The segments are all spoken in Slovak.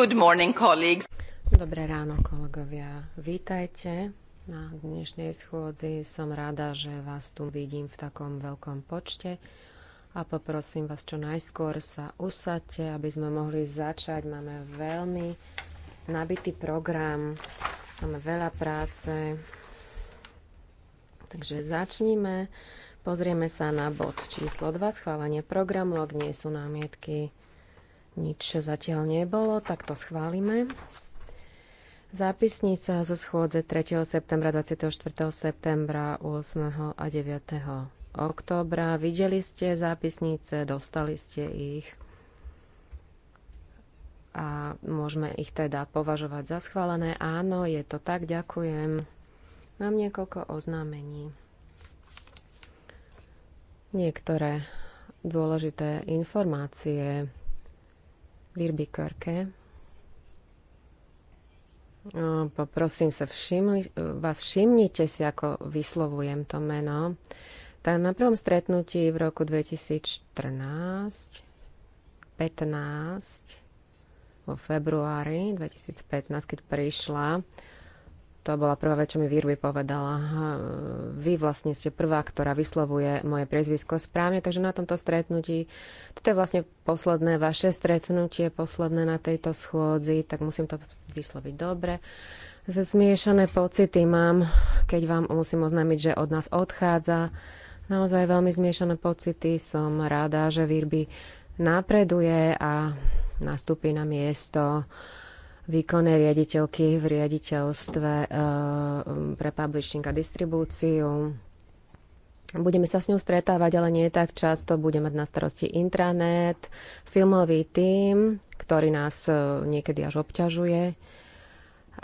Good morning, colleagues. Dobré ráno, kolegovia. Vítajte na dnešnej schôdzi. Som rada, že vás tu vidím v takom veľkom počte a poprosím vás čo najskôr sa usadte, aby sme mohli začať. Máme veľmi nabitý program, máme veľa práce. Takže začníme. Pozrieme sa na bod číslo 2, schválenie programu, ak nie sú námietky nič zatiaľ nebolo, tak to schválime. Zápisnica zo schôdze 3. septembra, 24. septembra, 8. a 9. októbra. Videli ste zápisnice, dostali ste ich a môžeme ich teda považovať za schválené. Áno, je to tak, ďakujem. Mám niekoľko oznámení. Niektoré dôležité informácie Birby Körke. Poprosím sa, všimli, vás všimnite si, ako vyslovujem to meno. Tak na prvom stretnutí v roku 2014, 15, vo februári 2015, keď prišla, to bola prvá vec, čo mi Virby povedala. Vy vlastne ste prvá, ktorá vyslovuje moje priezvisko správne, takže na tomto stretnutí, toto je vlastne posledné vaše stretnutie, posledné na tejto schôdzi, tak musím to vysloviť dobre. Zmiešané pocity mám, keď vám musím oznámiť, že od nás odchádza. Naozaj veľmi zmiešané pocity. Som rada, že Virby napreduje a nastúpi na miesto výkonnej riaditeľky v riaditeľstve eh, pre publishing a distribúciu. Budeme sa s ňou stretávať, ale nie tak často. budeme mať na starosti intranet, filmový tím, ktorý nás eh, niekedy až obťažuje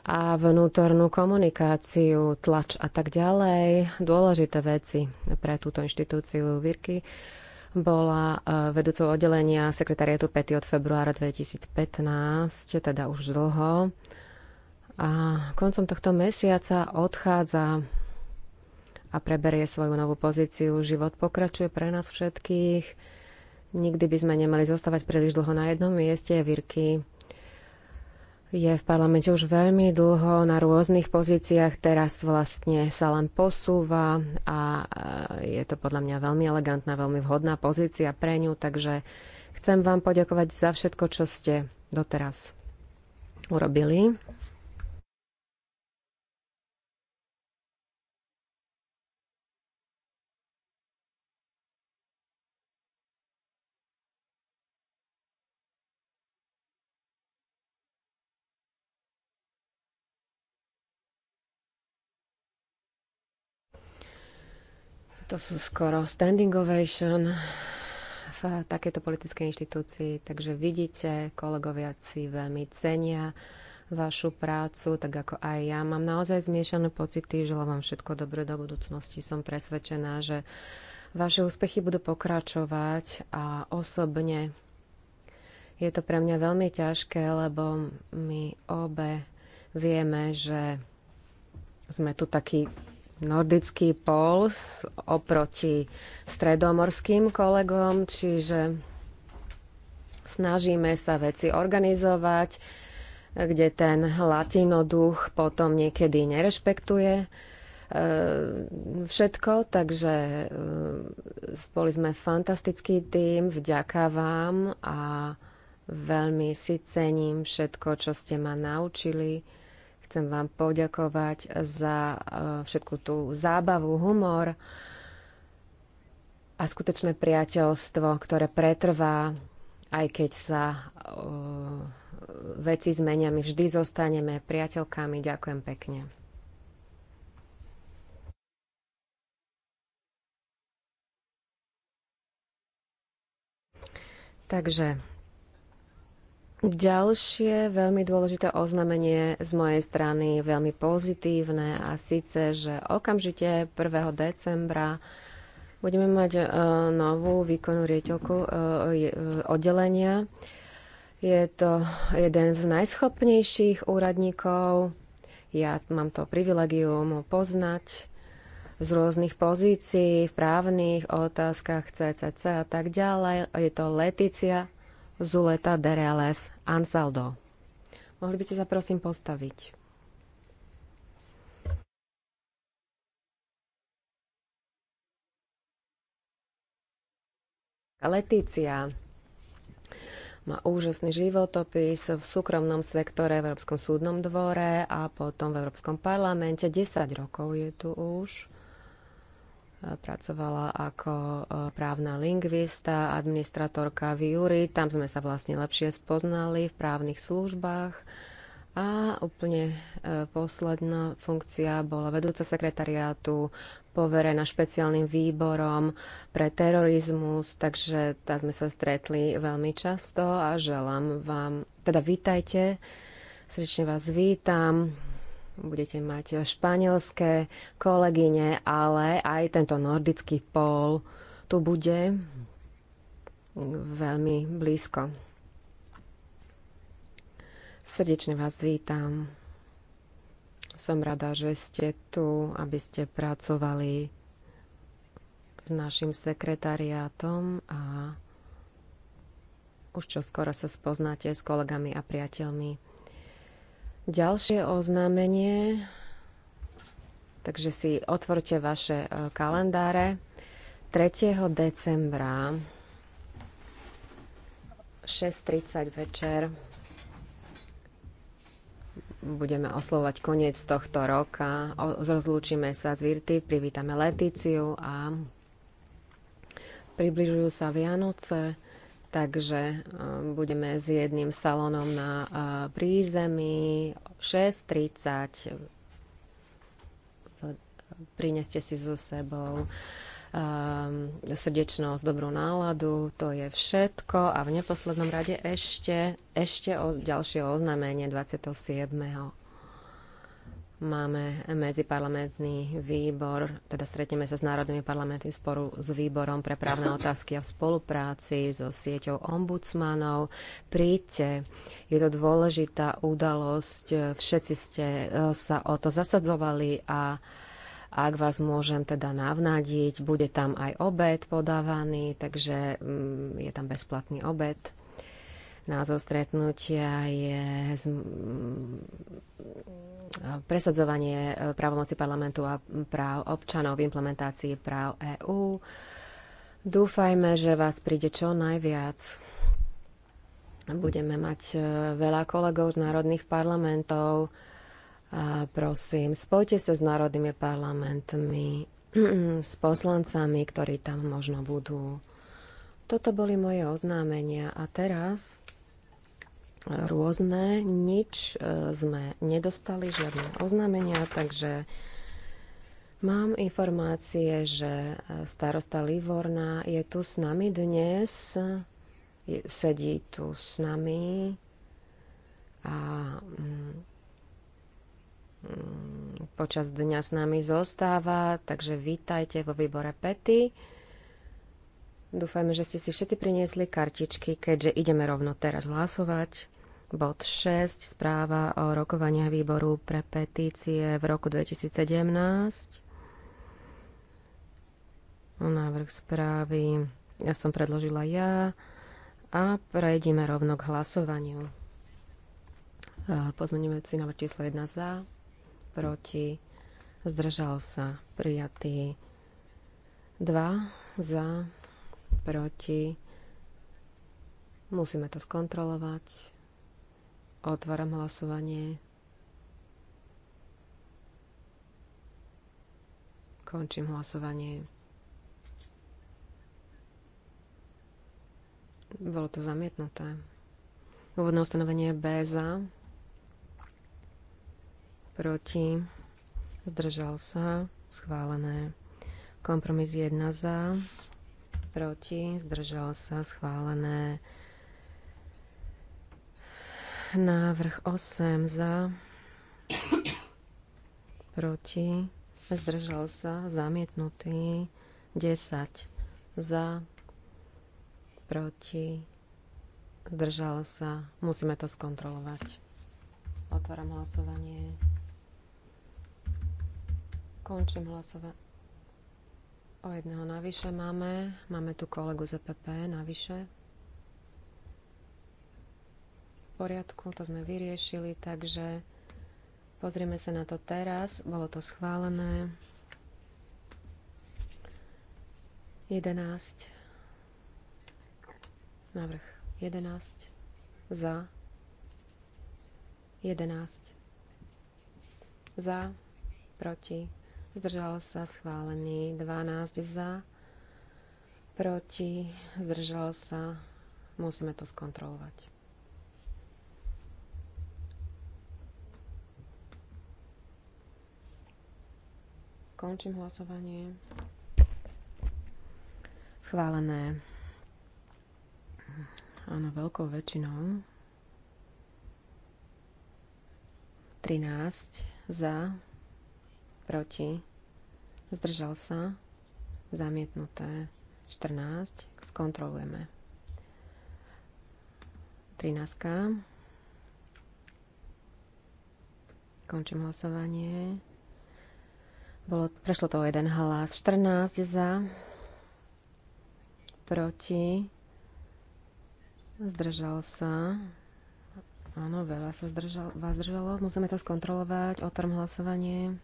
a vnútornú komunikáciu, tlač a tak ďalej. Dôležité veci pre túto inštitúciu Virky. Uh, bola e, vedúcou oddelenia sekretariatu PETI od februára 2015, teda už dlho. A koncom tohto mesiaca odchádza a preberie svoju novú pozíciu. Život pokračuje pre nás všetkých. Nikdy by sme nemali zostávať príliš dlho na jednom mieste. Virky je v parlamente už veľmi dlho na rôznych pozíciách, teraz vlastne sa len posúva a je to podľa mňa veľmi elegantná, veľmi vhodná pozícia pre ňu, takže chcem vám poďakovať za všetko, čo ste doteraz urobili To sú skoro standing ovation v takéto politickej inštitúcii, takže vidíte, kolegovia si veľmi cenia vašu prácu, tak ako aj ja. Mám naozaj zmiešané pocity, želám vám všetko dobré do budúcnosti. Som presvedčená, že vaše úspechy budú pokračovať a osobne je to pre mňa veľmi ťažké, lebo my obe vieme, že sme tu takí nordický pols oproti stredomorským kolegom, čiže snažíme sa veci organizovať, kde ten latinoduch potom niekedy nerešpektuje e, všetko, takže boli e, sme fantastický tým, vďaka vám a veľmi si cením všetko, čo ste ma naučili. Chcem vám poďakovať za e, všetku tú zábavu, humor a skutočné priateľstvo, ktoré pretrvá, aj keď sa e, veci zmenia, my vždy zostaneme priateľkami. Ďakujem pekne. Takže Ďalšie veľmi dôležité oznámenie z mojej strany, veľmi pozitívne a síce, že okamžite 1. decembra budeme mať uh, novú výkonnú rieteľku uh, je, uh, e, oddelenia. Je to jeden z najschopnejších úradníkov. Ja mám to privilegium poznať z rôznych pozícií v právnych otázkach CCC a tak ďalej. Je to Leticia Zuleta Dereales Ansaldo. Mohli by ste sa prosím postaviť. Letícia má úžasný životopis v súkromnom sektore, v Európskom súdnom dvore a potom v Európskom parlamente. 10 rokov je tu už pracovala ako e, právna lingvista, administratorka v Júri. Tam sme sa vlastne lepšie spoznali v právnych službách. A úplne e, posledná funkcia bola vedúca sekretariátu poverená špeciálnym výborom pre terorizmus, takže tá sme sa stretli veľmi často a želám vám, teda vítajte, srdečne vás vítam budete mať španielské kolegyne, ale aj tento nordický pól tu bude veľmi blízko. Srdečne vás vítam. Som rada, že ste tu, aby ste pracovali s našim sekretariátom a už čo skoro sa spoznáte s kolegami a priateľmi. Ďalšie oznámenie, takže si otvorte vaše e, kalendáre. 3. decembra 6.30 večer budeme oslovať koniec tohto roka. Rozlúčime sa z Virty, privítame Letíciu a približujú sa Vianoce. Takže e, budeme s jedným salónom na e, prízemí 6.30. E, prineste si so sebou srdečnosť, dobrú náladu, to je všetko a v neposlednom rade ešte, ešte o ďalšie oznámenie 27 máme medziparlamentný výbor, teda stretneme sa s národnými parlamentmi sporu s výborom pre právne otázky a v spolupráci so sieťou ombudsmanov. Príďte, je to dôležitá udalosť, všetci ste e, sa o to zasadzovali a ak vás môžem teda navnadiť, bude tam aj obed podávaný, takže mm, je tam bezplatný obed. Názov stretnutia je presadzovanie e, právomoci parlamentu a práv občanov v implementácii práv EÚ. Dúfajme, že vás príde čo najviac. Budeme mať e, veľa kolegov z národných parlamentov. A prosím, spojte sa s národnými parlamentmi, s poslancami, ktorí tam možno budú. Toto boli moje oznámenia a teraz rôzne. Nič e, sme nedostali, žiadne oznámenia, takže Mám informácie, že e, starosta Livorna je tu s nami dnes, sedí tu s nami a mm, mm, počas dňa s nami zostáva, takže vítajte vo výbore Pety. Dúfajme, že ste si všetci priniesli kartičky, keďže ideme rovno teraz hlasovať. Bod 6. Správa o rokovaniach výboru pre petície v roku 2017. Návrh správy ja som predložila ja a prejdeme rovno k hlasovaniu. E, pozmeníme si návrh číslo 1 za, proti, zdržal sa, prijatý 2 za, proti, musíme to skontrolovať. Otváram hlasovanie. Končím hlasovanie. Bolo to zamietnuté. Úvodné ustanovenie B za. Proti. Zdržal sa. Schválené. Kompromis 1 za. Proti. Zdržal sa. Schválené. Návrh 8 za, proti, zdržal sa, zamietnutý. 10 za, proti, zdržal sa. Musíme to skontrolovať. Otváram hlasovanie. Končím hlasovanie. O jedného navyše máme. Máme tu kolegu z EPP navyše poriadku, to sme vyriešili, takže pozrieme sa na to teraz. Bolo to schválené. 11. Navrh. 11. Za. 11. Za. Proti. Zdržalo sa schválený. 12. Za. Proti. Zdržalo sa. Musíme to skontrolovať. Končím hlasovanie. Schválené. Áno, veľkou väčšinou. 13 za, proti, zdržal sa, zamietnuté. 14, skontrolujeme. 13. Končím hlasovanie. Bolo, prešlo to o jeden hlas. 14 za, proti, zdržal sa. Áno, veľa sa zdržal, vás zdržalo. Musíme to skontrolovať. Otvorím hlasovanie.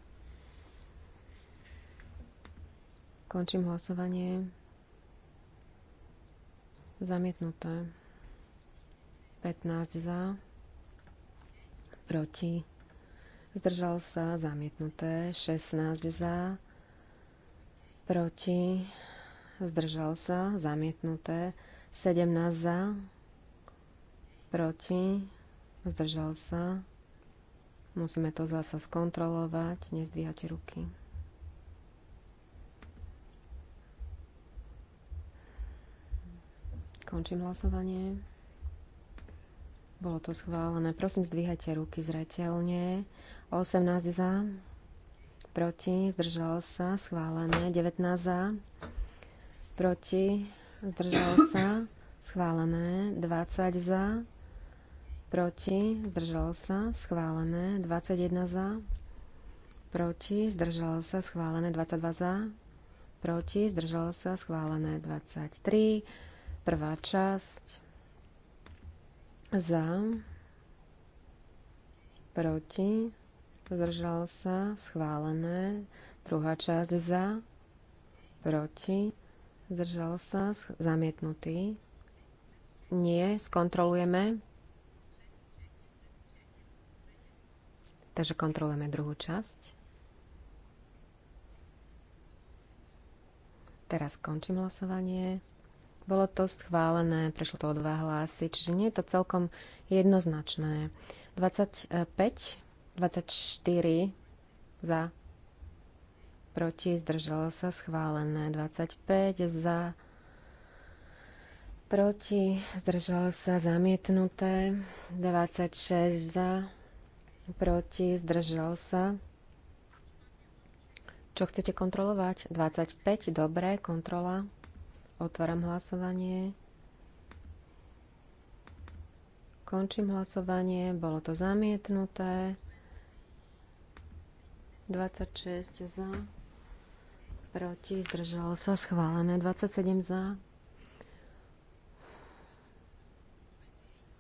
Končím hlasovanie. Zamietnuté. 15 za, proti zdržal sa, zamietnuté, 16 za, proti, zdržal sa, zamietnuté, 17 za, proti, zdržal sa, musíme to zasa skontrolovať, nezdvíhate ruky. Končím hlasovanie. Bolo to schválené. Prosím, zdvíhajte ruky zreteľne. 18 za, proti, zdržal sa, schválené. 19 za, proti, zdržal sa, schválené. 20 za, proti, zdržal sa, schválené. 21 za, proti, zdržal sa, schválené. 22 za, proti, zdržal sa, schválené. 23, prvá časť, za, proti, zdržal sa, schválené. Druhá časť za, proti, zdržal sa, zamietnutý. Nie, skontrolujeme. Takže kontrolujeme druhú časť. Teraz končím hlasovanie. Bolo to schválené, prešlo to o dva hlasy, čiže nie je to celkom jednoznačné. 25 24 za, proti, zdržalo sa schválené. 25 za, proti, zdržalo sa zamietnuté. 26 za, proti, zdržalo sa. Čo chcete kontrolovať? 25, dobre, kontrola. Otváram hlasovanie. Končím hlasovanie, bolo to zamietnuté. 26 za, proti, zdržalo sa, schválené. 27 za,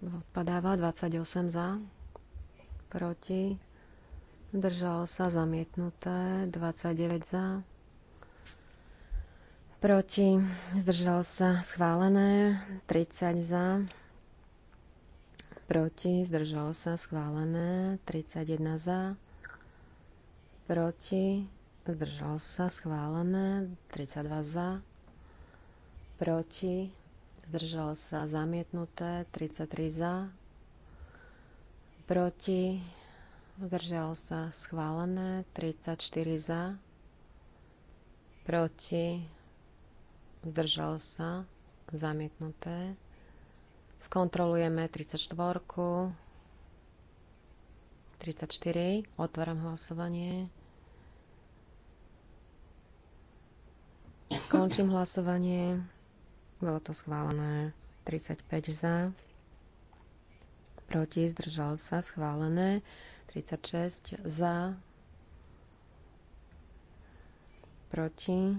Odpadáva 28 za. Proti. Zdržalo sa zamietnuté 29 za. Proti. Zdržalo sa schválené 30 za. Proti. Zdržalo sa schválené 31 za proti, zdržal sa, schválené, 32 za, proti, zdržal sa, zamietnuté, 33 za, proti, zdržal sa, schválené, 34 za, proti, zdržal sa, zamietnuté. Skontrolujeme 34. 34. Otváram hlasovanie. Končím hlasovanie. Bolo to schválené 35 za. Proti zdržal sa schválené 36 za. Proti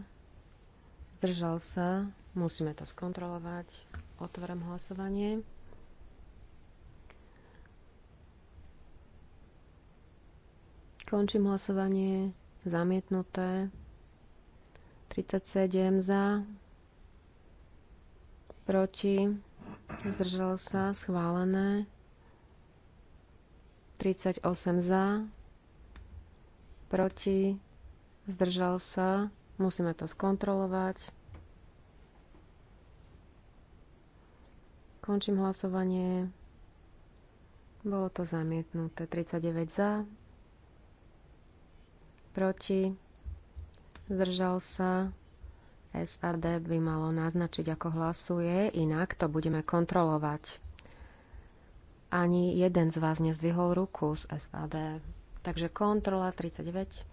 zdržal sa. Musíme to skontrolovať. Otváram hlasovanie. Končím hlasovanie. Zamietnuté. 37 za, proti, zdržalo sa, schválené. 38 za, proti, zdržal sa, musíme to skontrolovať. Končím hlasovanie. Bolo to zamietnuté. 39 za, proti, Zdržal sa. SAD by malo naznačiť, ako hlasuje, inak to budeme kontrolovať. Ani jeden z vás nezdvihol ruku z SAD. Takže kontrola 39.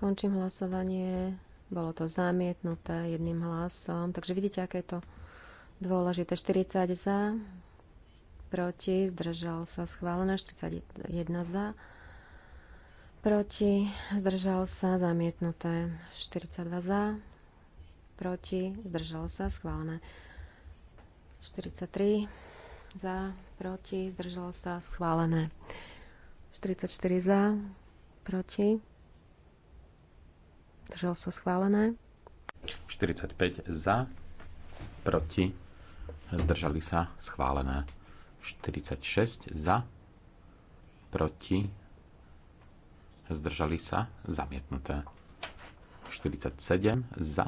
Končím hlasovanie. Bolo to zamietnuté jedným hlasom. Takže vidíte, aké je to dôležité. 40 za, proti, zdržal sa schválené, 41 za, proti, zdržal sa zamietnuté, 42 za, proti, zdržal sa schválené, 43 za, proti, zdržal sa schválené, 44 za, proti, zdržal sa schválené, 45 za, proti, zdržali sa schválené. 46 za, proti, zdržali sa, zamietnuté. 47 za,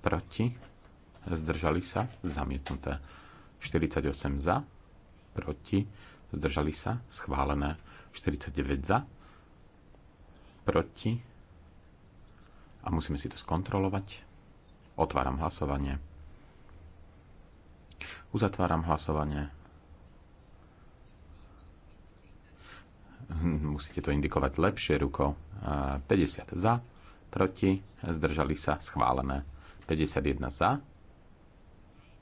proti, zdržali sa, zamietnuté. 48 za, proti, zdržali sa, schválené. 49 za, proti, a musíme si to skontrolovať. Otváram hlasovanie. Uzatváram hlasovanie. Hm, musíte to indikovať lepšie rukou. 50 za, proti, zdržali sa, schválené. 51 za,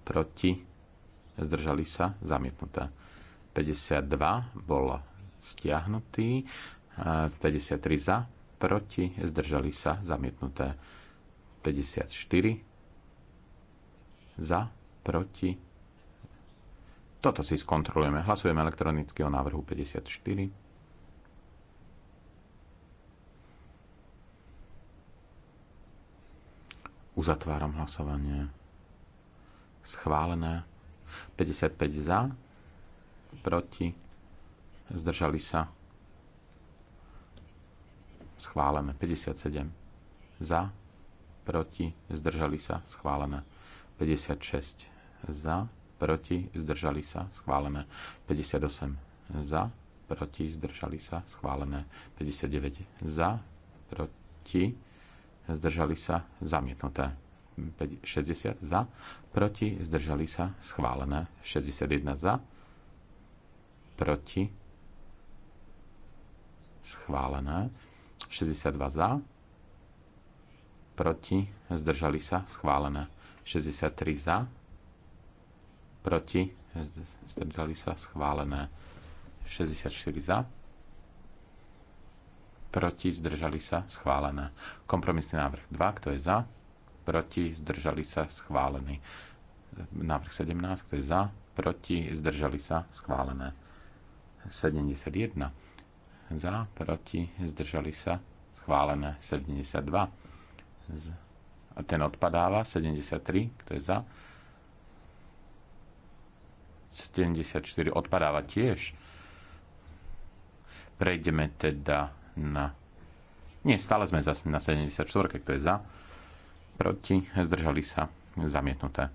proti, zdržali sa, zamietnuté. 52 bol stiahnutý, 53 za, proti, zdržali sa, zamietnuté. 54 za, proti. Toto si skontrolujeme. Hlasujeme elektronicky o návrhu 54. Uzatváram hlasovanie. Schválené. 55 za. Proti. Zdržali sa. Schválené. 57 za. Proti. Zdržali sa. Schválené. 56 za. Proti. Zdržali sa. Schválené. 58 za. Proti. Zdržali sa. Schválené. 59 za. Proti zdržali sa, zamietnuté. 60 za, proti, zdržali sa, schválené. 61 za, proti, schválené. 62 za, proti, zdržali sa, schválené. 63 za, proti, zdržali sa, schválené. 64 za, proti, zdržali sa, schválené. Kompromisný návrh 2, kto je za, proti, zdržali sa, schválený. Návrh 17, kto je za, proti, zdržali sa, schválené. 71, za, proti, zdržali sa, schválené. 72, ten odpadáva, 73, kto je za, 74 odpadáva tiež. Prejdeme teda na... Nie, stále sme zase na 74, kto je za. Proti, zdržali sa, zamietnuté.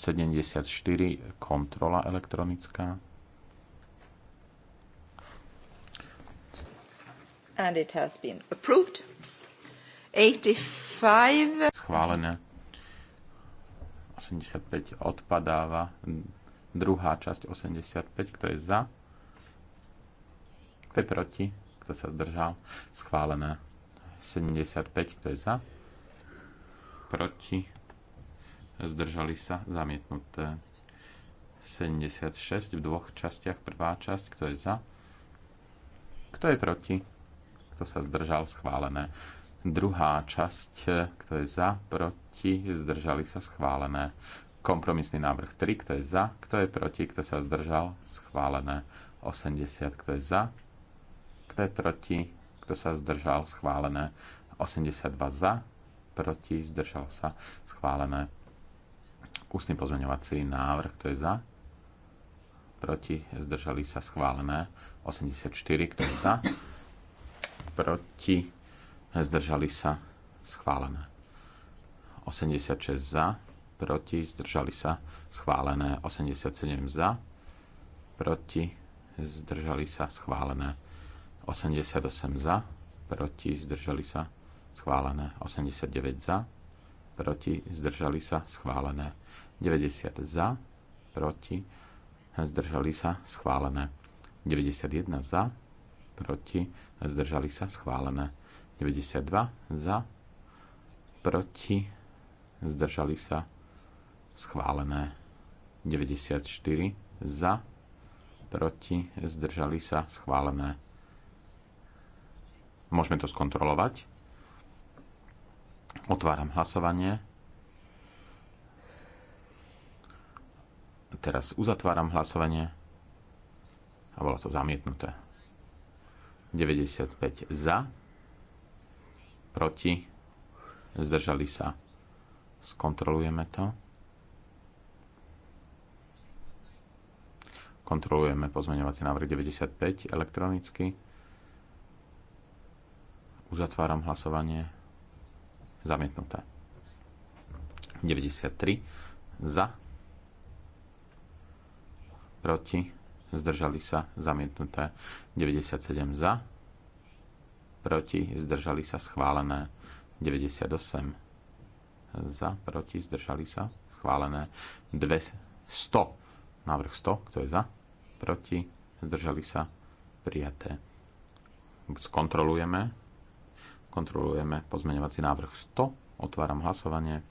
74, kontrola elektronická. And it has been approved. 85. Schválené. 85 odpadáva. Druhá časť 85, kto je za? Kto je proti? Kto sa zdržal? Schválené. 75. Kto je za? Proti? Zdržali sa? Zamietnuté. 76 v dvoch častiach. Prvá časť. Kto je za? Kto je proti? Kto sa zdržal? Schválené. Druhá časť, kto je za, proti, zdržali sa schválené. Kompromisný návrh 3, kto je za, kto je proti, kto sa zdržal, schválené. 80, kto je za, kto je proti? Kto sa zdržal? Schválené. 82 za, proti, zdržal sa, schválené. Ústny pozmeňovací návrh, kto je za? Proti, zdržali sa, schválené. 84, kto je za? Proti, zdržali sa, schválené. 86 za, proti, zdržali sa, schválené. 87 za, proti, zdržali sa, schválené. 88 za, proti, zdržali sa, schválené. 89 za, proti, zdržali sa, schválené. 90 za, proti, zdržali sa, schválené. 91 za, proti, zdržali sa, schválené. 92 za, proti, zdržali sa, schválené. 94 za, proti, zdržali sa, schválené. Môžeme to skontrolovať. Otváram hlasovanie. Teraz uzatváram hlasovanie. A bolo to zamietnuté. 95 za, proti, zdržali sa. Skontrolujeme to. Kontrolujeme pozmeňovací návrh 95 elektronicky. Uzatváram hlasovanie. Zamietnuté. 93 za. Proti. Zdržali sa. Zamietnuté. 97 za. Proti. Zdržali sa. Schválené. 98 za. Proti. Zdržali sa. Schválené. 200. Návrh 100. Kto je za? Proti. Zdržali sa. Prijaté. Skontrolujeme. Kontrolujeme pozmeňovací návrh 100. Otváram hlasovanie.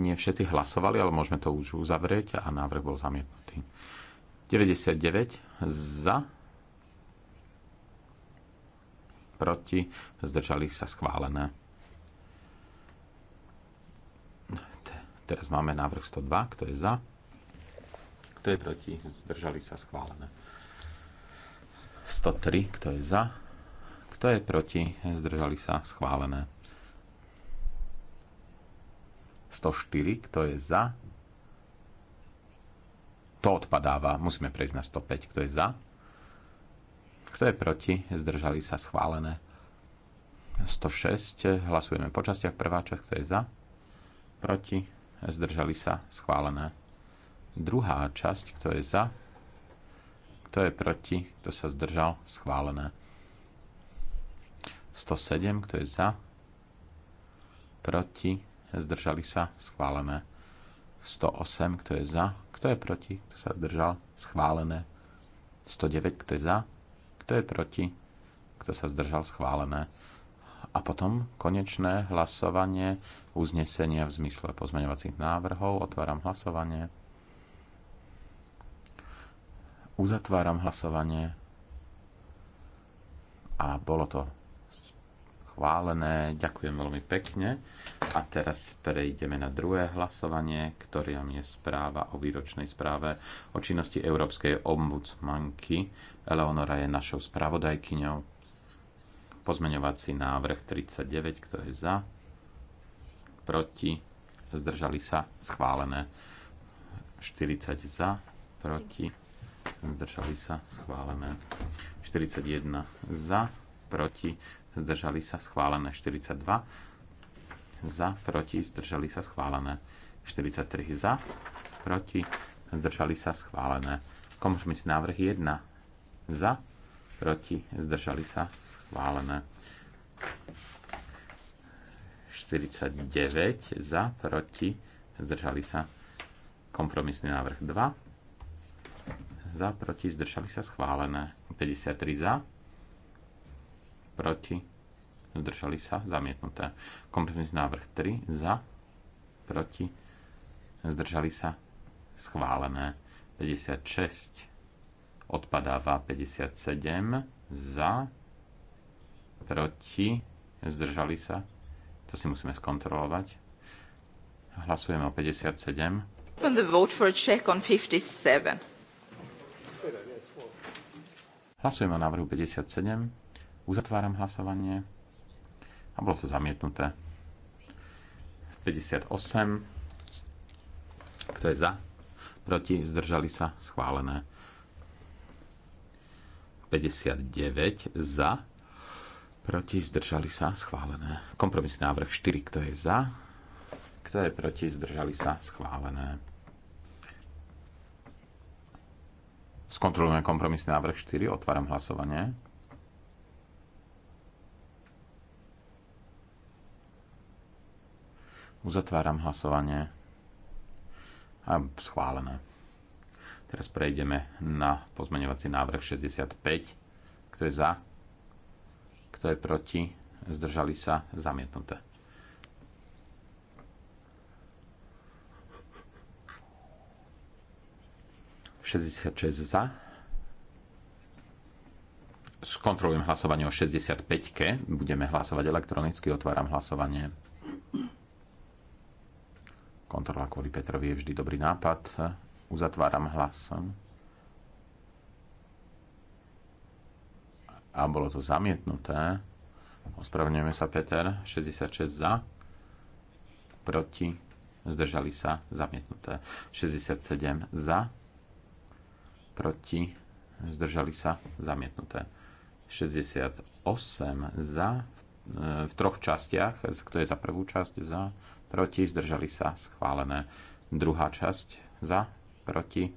Nie všetci hlasovali, ale môžeme to už uzavrieť a návrh bol zamietnutý. 99 za, proti, zdržali sa schválené. Teraz máme návrh 102, kto je za, kto je proti, zdržali sa schválené. 103, kto je za, kto je proti, zdržali sa, schválené. 104, kto je za, to odpadáva, musíme prejsť na 105, kto je za, kto je proti, zdržali sa, schválené. 106, hlasujeme po častiach, prvá časť, kto je za, proti, zdržali sa, schválené. Druhá časť, kto je za, kto je proti? Kto sa zdržal? Schválené. 107. Kto je za? Proti? Zdržali sa? Schválené. 108. Kto je za? Kto je proti? Kto sa zdržal? Schválené. 109. Kto je za? Kto je proti? Kto sa zdržal? Schválené. A potom konečné hlasovanie uznesenia v zmysle pozmeňovacích návrhov. Otváram hlasovanie. Uzatváram hlasovanie a bolo to schválené. Ďakujem veľmi pekne. A teraz prejdeme na druhé hlasovanie, ktorým je správa o výročnej správe o činnosti Európskej ombudsmanky. Eleonora je našou spravodajkyňou. Pozmeňovací návrh 39, kto je za, proti, zdržali sa, schválené. 40 za, proti, zdržali sa, schválené. 41 za, proti, zdržali sa, schválené. 42 za, proti, zdržali sa, schválené. 43 za, proti, zdržali sa, schválené. Kompromis návrh 1 za, proti, zdržali sa, schválené. 49 za, proti, zdržali sa, kompromisný návrh 2 za, proti, zdržali sa schválené. 53 za, proti, zdržali sa zamietnuté. Kompromisný návrh 3 za, proti, zdržali sa schválené. 56 odpadáva 57 za, proti, zdržali sa. To si musíme skontrolovať. Hlasujeme o 57. Open the vote for a check on 57. Hlasujeme o návrhu 57. Uzatváram hlasovanie. A bolo to zamietnuté. 58. Kto je za? Proti? Zdržali sa? Schválené. 59 za. Proti? Zdržali sa? Schválené. Kompromisný návrh 4. Kto je za? Kto je proti? Zdržali sa? Schválené. Skontrolujeme kompromisný návrh 4. Otváram hlasovanie. Uzatváram hlasovanie. A schválené. Teraz prejdeme na pozmeňovací návrh 65. Kto je za? Kto je proti? Zdržali sa? Zamietnuté. 66 za. Skontrolujem hlasovanie o 65-ke. Budeme hlasovať elektronicky. Otváram hlasovanie. Kontrola kvôli Petrovi je vždy dobrý nápad. Uzatváram hlasom. A bolo to zamietnuté. Ospravedlňujeme sa, Peter. 66 za. Proti. Zdržali sa. Zamietnuté. 67 za proti, zdržali sa, zamietnuté. 68 za, e, v troch častiach, kto je za prvú časť, za, proti, zdržali sa, schválené. Druhá časť, za, proti,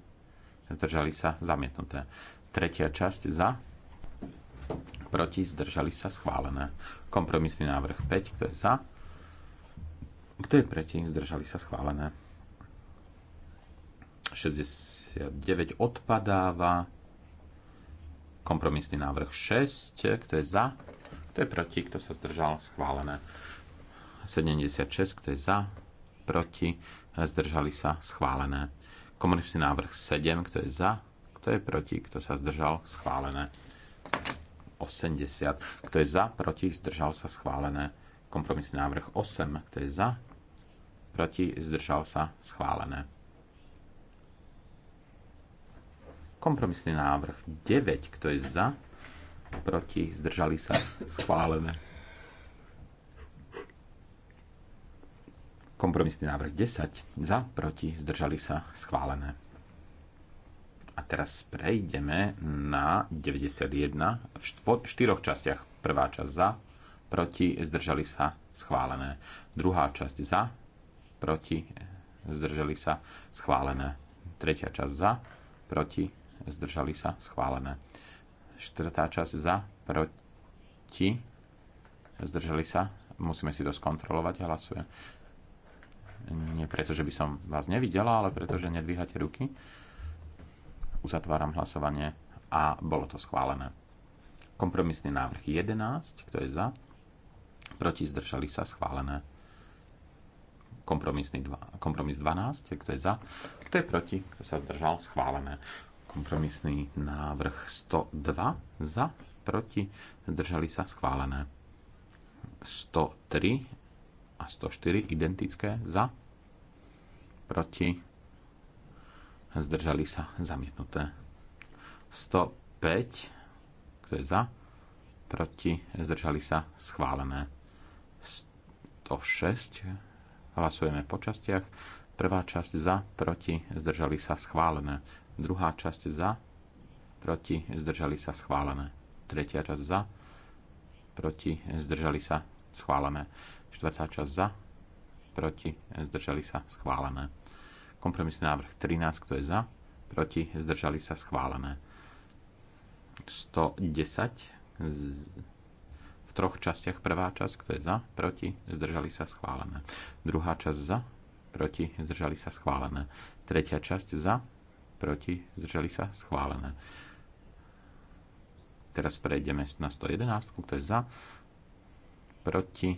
zdržali sa, zamietnuté. Tretia časť, za, proti, zdržali sa, schválené. Kompromisný návrh 5, kto je za, kto je proti, zdržali sa, schválené. 60 69 odpadáva. Kompromisný návrh 6, kto je za, kto je proti, kto sa zdržal, schválené. 76, kto je za, proti, zdržali sa, schválené. Kompromisný návrh 7, kto je za, kto je proti, kto sa zdržal, schválené. 80, kto je za, proti, zdržal sa, schválené. Kompromisný návrh 8, kto je za, proti, zdržal sa, schválené. Kompromisný návrh 9, kto je za, proti, zdržali sa, schválené. Kompromisný návrh 10, za, proti, zdržali sa, schválené. A teraz prejdeme na 91 v štyroch častiach. Prvá časť za, proti, zdržali sa, schválené. Druhá časť za, proti, zdržali sa, schválené. Tretia časť za, proti, zdržali sa, schválené. Štvrtá časť za, proti, zdržali sa, musíme si to skontrolovať, hlasuje. Nie preto, že by som vás nevidela, ale preto, že nedvíhate ruky. Uzatváram hlasovanie a bolo to schválené. Kompromisný návrh 11, kto je za, proti, zdržali sa, schválené. Kompromisný dva, kompromis 12, kto je za, kto je proti, kto sa zdržal, schválené. Kompromisný návrh 102 za, proti, zdržali sa schválené. 103 a 104 identické za, proti, zdržali sa zamietnuté. 105, kto je za, proti, zdržali sa schválené. 106, hlasujeme po častiach. Prvá časť za, proti, zdržali sa schválené Druhá časť za, proti, zdržali sa schválené. Tretia časť za, proti, zdržali sa schválené. Štvrtá časť za, proti, zdržali sa schválené. Kompromisný návrh 13, kto je za, proti, zdržali sa schválené. 110 v troch častiach. Prvá časť, kto je za, proti, zdržali sa schválené. Druhá časť za, proti, zdržali sa schválené. Tretia časť za, proti, zdržali sa, schválené. Teraz prejdeme na 111, to je za, proti,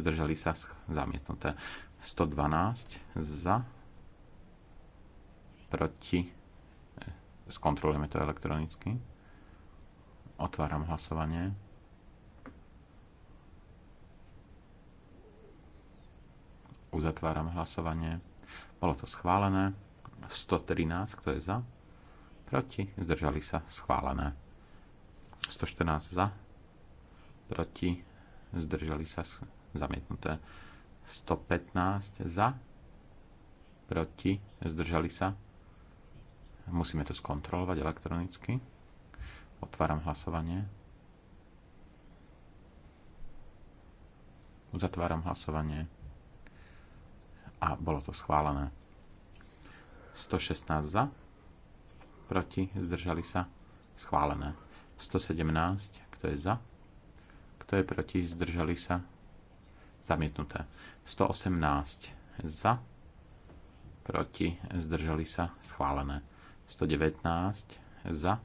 zdržali sa, zamietnuté. 112 za, proti, e, skontrolujeme to elektronicky. Otváram hlasovanie. Uzatváram hlasovanie. Bolo to schválené. 113, kto je za? Proti? Zdržali sa? Schválené. 114 za? Proti? Zdržali sa? Zamietnuté. 115 za? Proti? Zdržali sa? Musíme to skontrolovať elektronicky. Otváram hlasovanie. Uzatváram hlasovanie. A bolo to schválené. 116 za, proti, zdržali sa, schválené. 117, kto je za, kto je proti, zdržali sa, zamietnuté. 118 za, proti, zdržali sa, schválené. 119 za,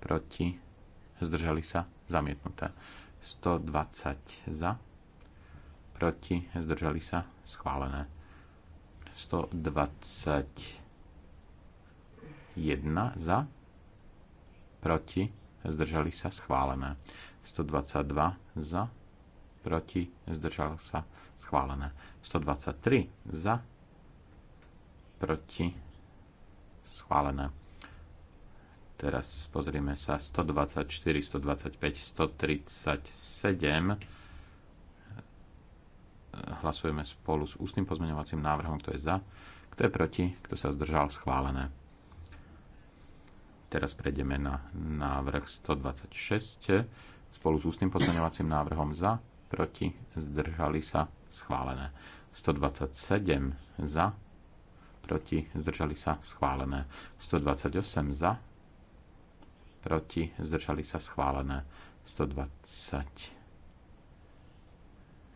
proti, zdržali sa, zamietnuté. 120 za, proti, zdržali sa, schválené. 121 za, proti, zdržali sa, schválené. 122 za, proti, zdržal sa, schválené. 123 za, proti, schválené. Teraz pozrieme sa 124, 125, 137 hlasujeme spolu s ústnym pozmeňovacím návrhom, kto je za, kto je proti, kto sa zdržal, schválené. Teraz prejdeme na návrh 126 spolu s ústnym pozmeňovacím návrhom za, proti, zdržali sa, schválené. 127 za, proti, zdržali sa, schválené. 128 za, proti, zdržali sa, schválené. 120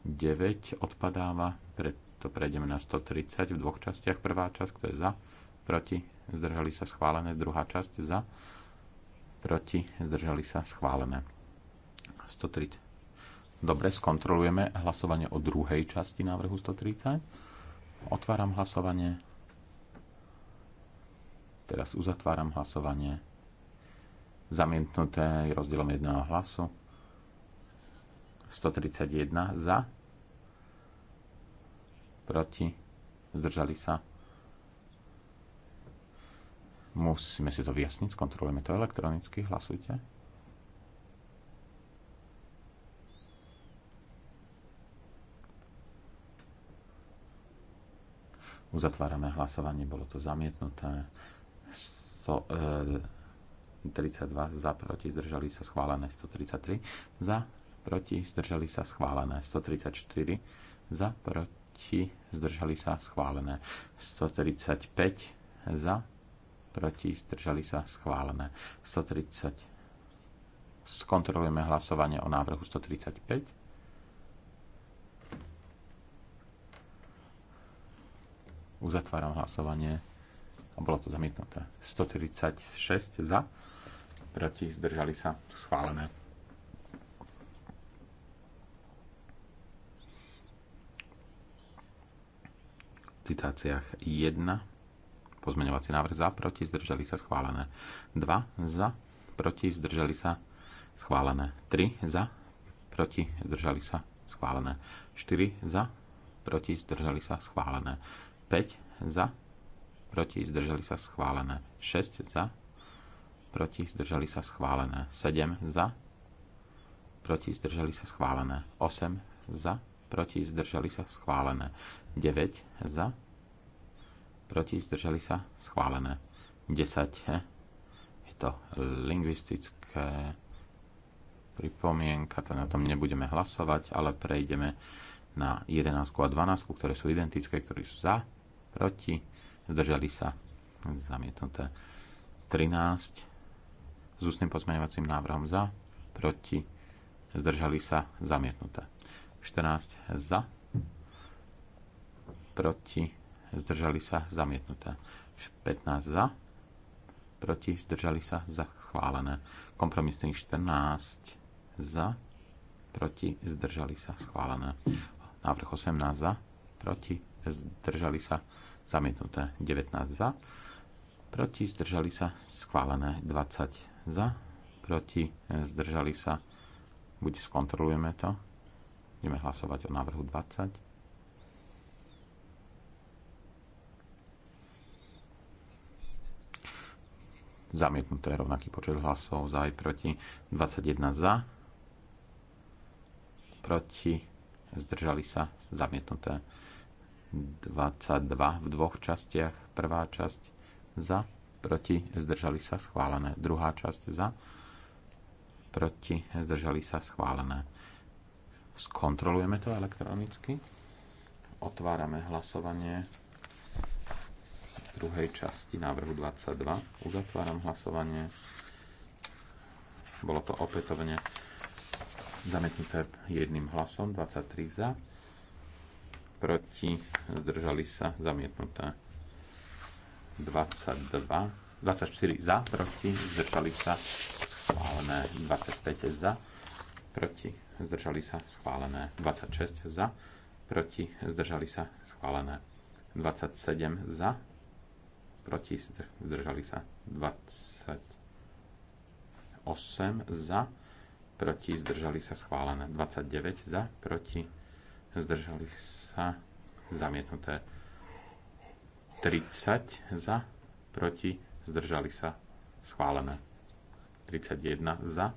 9 odpadáva, preto prejdeme na 130 v dvoch častiach. Prvá časť, kto je za, proti, zdržali sa schválené. Druhá časť za, proti, zdržali sa schválené. 130. Dobre, skontrolujeme hlasovanie o druhej časti návrhu 130. Otváram hlasovanie. Teraz uzatváram hlasovanie. Zamietnuté rozdielom jedného hlasu. 131 za, proti, zdržali sa. Musíme si to vyjasniť, skontrolujeme to elektronicky, hlasujte. Uzatvárame hlasovanie, bolo to zamietnuté. 132 e, za, proti, zdržali sa schválené 133, za, proti, zdržali sa schválené 134, za, proti, proti, zdržali sa, schválené. 135 za, proti, zdržali sa, schválené. 130. Skontrolujeme hlasovanie o návrhu 135. Uzatváram hlasovanie a bolo to zamietnuté. 136 za, proti, zdržali sa, schválené. citáciách 1, pozmeňovací návrh za, proti, zdržali sa schválené. 2 za, proti, zdržali sa schválené. 3 za, proti, zdržali sa schválené. 4 za, proti, zdržali sa schválené. 5 za, proti, zdržali sa schválené. 6 za, proti, zdržali sa schválené. 7 za, proti, zdržali sa schválené. 8 za, proti, proti, zdržali sa, schválené. 9 za, proti, zdržali sa, schválené. 10 je to lingvistické pripomienka, to teda na tom nebudeme hlasovať, ale prejdeme na 11 a 12, ktoré sú identické, ktorí sú za, proti, zdržali sa, zamietnuté. 13 s ústnym pozmeňovacím návrhom za, proti, zdržali sa, zamietnuté. 14 za, proti, zdržali sa, zamietnuté. 15 za, proti, zdržali sa, schválené. Kompromisný 14 za, proti, zdržali sa, schválené. Návrh 18 za, proti, zdržali sa, zamietnuté. 19 za, proti, zdržali sa, schválené. 20 za, proti, zdržali sa, buď skontrolujeme to, Budeme hlasovať o návrhu 20. Zamietnuté rovnaký počet hlasov za aj proti. 21 za. Proti. Zdržali sa. Zamietnuté. 22 v dvoch častiach. Prvá časť za. Proti. Zdržali sa. Schválené. Druhá časť za. Proti. Zdržali sa. Schválené. Skontrolujeme to elektronicky. Otvárame hlasovanie druhej časti návrhu 22. Uzatváram hlasovanie. Bolo to opätovne zamietnuté jedným hlasom, 23 za, proti, zdržali sa, zamietnuté 22, 24 za, proti, zdržali sa, schválené 25 za, proti, zdržali sa, schválené. 26 za, proti, zdržali sa, schválené. 27 za, proti, zdržali sa. 28 za, proti, zdržali sa, schválené. 29 za, proti, zdržali sa, zamietnuté. 30 za, proti, zdržali sa, schválené. 31 za,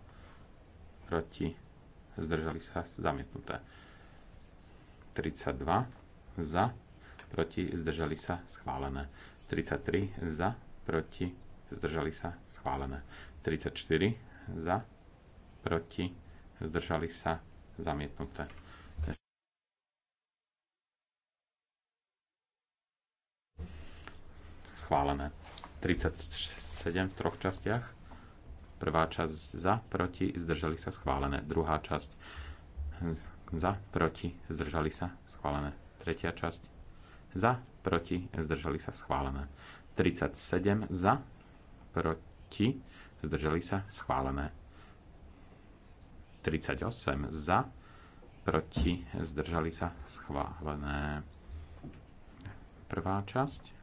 proti, zdržali sa zamietnuté. 32 za, proti, zdržali sa schválené. 33 za, proti, zdržali sa schválené. 34 za, proti, zdržali sa zamietnuté. Schválené. 37 v troch častiach Prvá časť za, proti, zdržali sa schválené. Druhá časť za, proti, zdržali sa schválené. Tretia časť za, proti, zdržali sa schválené. 37 za, proti, zdržali sa schválené. 38 za, proti, zdržali sa schválené. Prvá časť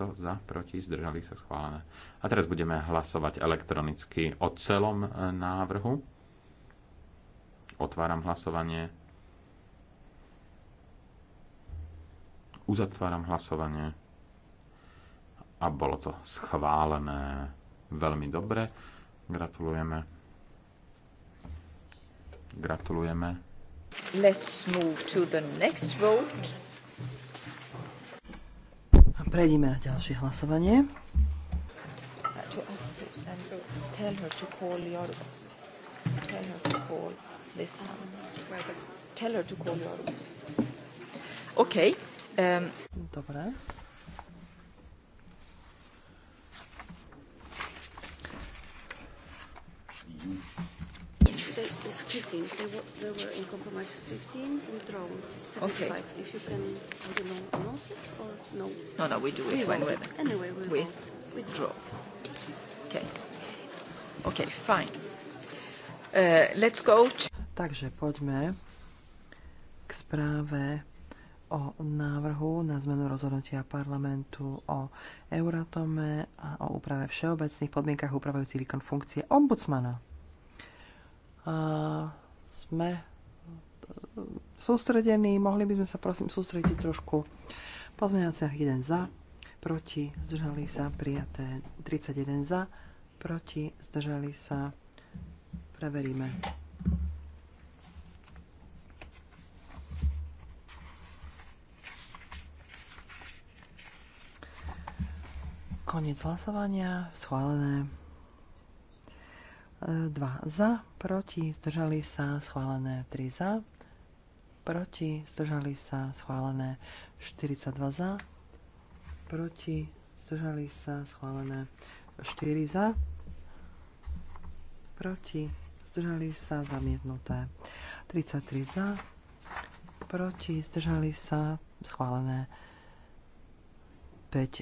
kto za, proti, zdržali sa schválené. A teraz budeme hlasovať elektronicky o celom e, návrhu. Otváram hlasovanie. Uzatváram hlasovanie. A bolo to schválené veľmi dobre. Gratulujeme. Gratulujeme. Let's move to the next vote. Prejdime na ďalšie hlasovanie. OK. Um... Dobre. is 15. They were, they were in compromise 15, withdrawn 75. Okay. If you can, I don't know, announce it or no? No, no, we do it we when we're... Anyway, we with withdraw. Okay. Okay, fine. Uh, let's go to... Takže poďme k správe o návrhu na zmenu rozhodnutia parlamentu o Euratome a o úprave všeobecných podmienkach upravujúcich výkon funkcie ombudsmana a sme sústredení. Mohli by sme sa prosím sústrediť trošku. Pozmeňovací 1 za, proti, zdržali sa, prijaté 31 za, proti, zdržali sa, preveríme. Koniec hlasovania, schválené. 2 za, proti, zdržali sa, schválené 3 za, proti, zdržali sa, schválené 42 za, proti, zdržali sa, schválené 4 za, proti, zdržali sa, zamietnuté 33 za, proti, zdržali sa, schválené 5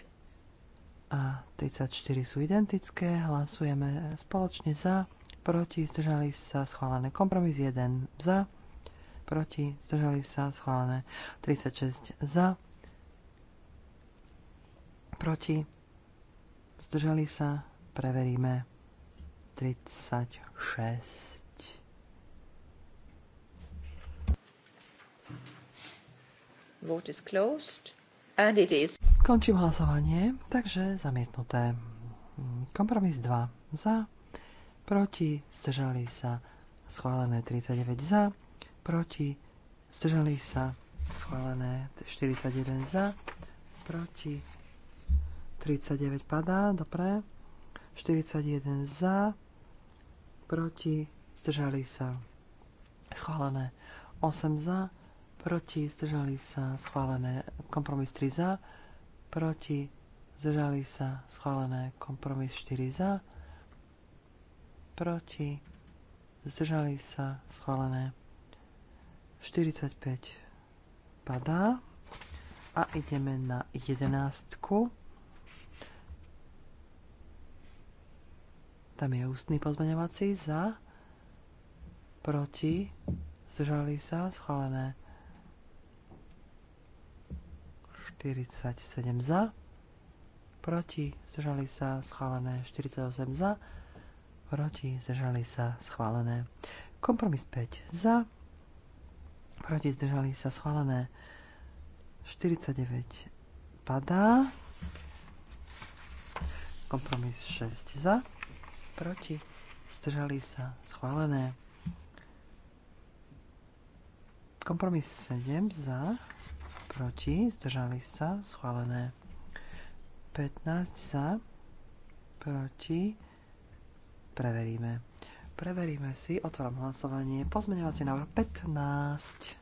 a 34 sú identické. Hlasujeme spoločne za, proti, zdržali sa schválené. Kompromis 1 za, proti, zdržali sa schválené. 36 za, proti, zdržali sa, preveríme. 36. Vote is closed. And it is. Končím hlasovanie, takže zamietnuté. Kompromis 2 za, proti, zdržali sa, schválené 39 za, proti, zdržali sa, schválené 41 za, proti, 39 padá, dobre, 41 za, proti, zdržali sa, schválené 8 za, proti, zdržali sa, schválené. Kompromis 3 za, proti, zdržali sa, schválené. Kompromis 4 za, proti, zdržali sa, schválené. 45 padá a ideme na jedenáctku. Tam je ústny pozmeňovací za, proti, zdržali sa, schválené. 47 za, proti zdržali sa schválené 48 za, proti zdržali sa schválené. Kompromis 5 za, proti zdržali sa schválené 49 padá, kompromis 6 za, proti zdržali sa schválené. Kompromis 7 za, proti, zdržali sa, schválené. 15 za, proti, preveríme. Preveríme si, otváram hlasovanie. Pozmeňovací návrh 15.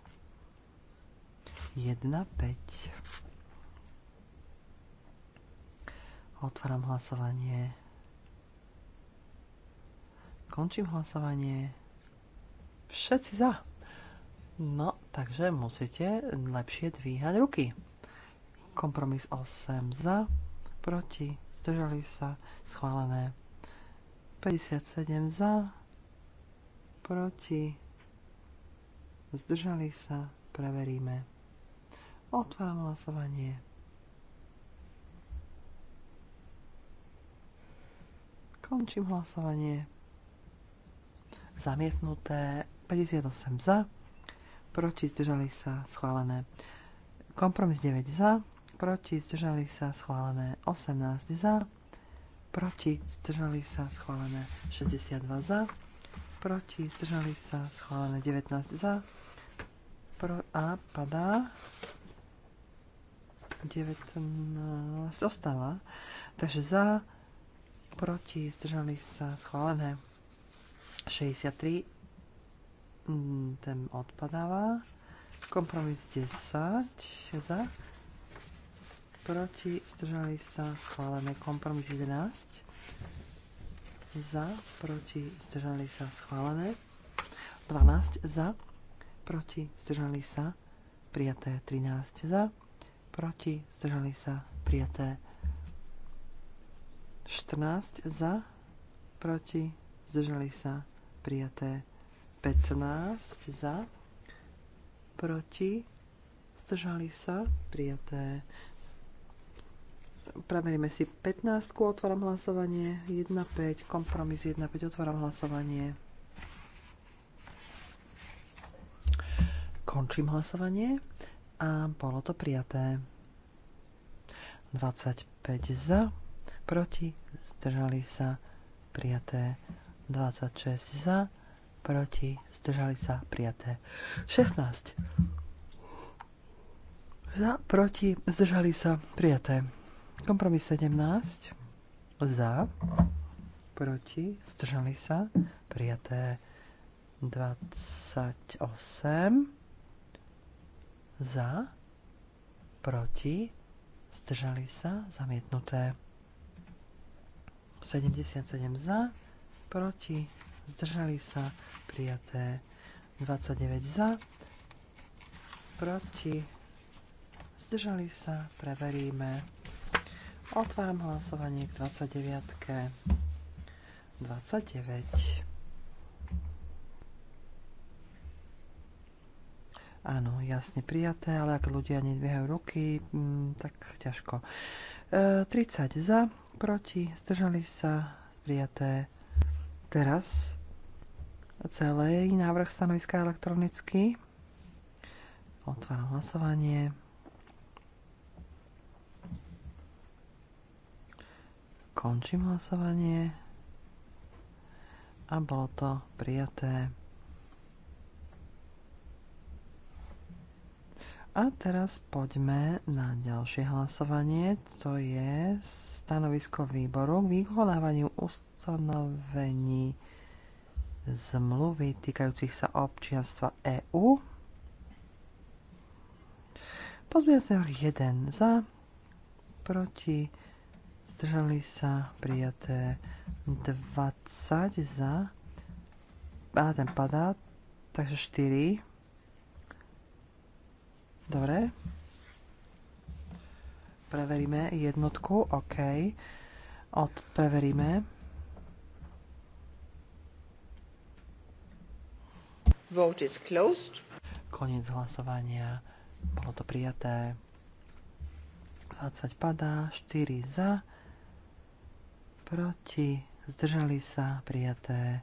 1, 5. Otváram hlasovanie. Končím hlasovanie. Všetci za. No, Takže musíte lepšie dvíhať ruky. Kompromis 8 za, proti, zdržali sa, schválené. 57 za, proti, zdržali sa, preveríme. Otváram hlasovanie. Končím hlasovanie. Zamietnuté 58 za, proti, zdržali sa, schválené. Kompromis 9 za, proti, zdržali sa, schválené. 18 za, proti, zdržali sa, schválené. 62 za, proti, zdržali sa, schválené. 19 za, pro, a padá. 19 ostáva, Takže za, proti, zdržali sa, schválené. 63 Mm, ten odpadáva. Kompromis 10 za. Proti zdržali sa schválené. Kompromis 11 za. Proti zdržali sa schválené. 12 za. Proti zdržali sa prijaté. 13 za. Proti zdržali sa prijaté. 14 za. Proti zdržali sa prijaté. 15 za, proti, zdržali sa, prijaté. Preveríme si 15, otváram hlasovanie, 1 5, kompromis 1 5 otváram hlasovanie. Končím hlasovanie a bolo to prijaté. 25 za, proti, zdržali sa, prijaté 26 za, proti, zdržali sa, prijaté. 16. Za, proti, zdržali sa, prijaté. Kompromis 17. Za, proti, zdržali sa, prijaté. 28. Za, proti, zdržali sa, zamietnuté. 77 za, proti, zdržali sa, prijaté 29 za, proti, zdržali sa, preveríme. Otváram hlasovanie k 29. 29. Áno, jasne prijaté, ale ak ľudia nedvíhajú ruky, mm, tak ťažko. 30 e, za, proti, zdržali sa, prijaté Teraz celý návrh stanoviska elektronicky. Otváram hlasovanie. Končím hlasovanie. A bolo to prijaté. A teraz poďme na ďalšie hlasovanie. To je stanovisko výboru k vykonávaniu ustanovení zmluvy týkajúcich sa občianstva EÚ. Pozbiac 1 za, proti, zdržali sa prijaté 20 za, a ten padá, takže 4 Dobre. Preveríme jednotku. OK. Od, preveríme. Vote is closed. Koniec hlasovania. Bolo to prijaté. 20 padá, 4 za, proti, zdržali sa, prijaté.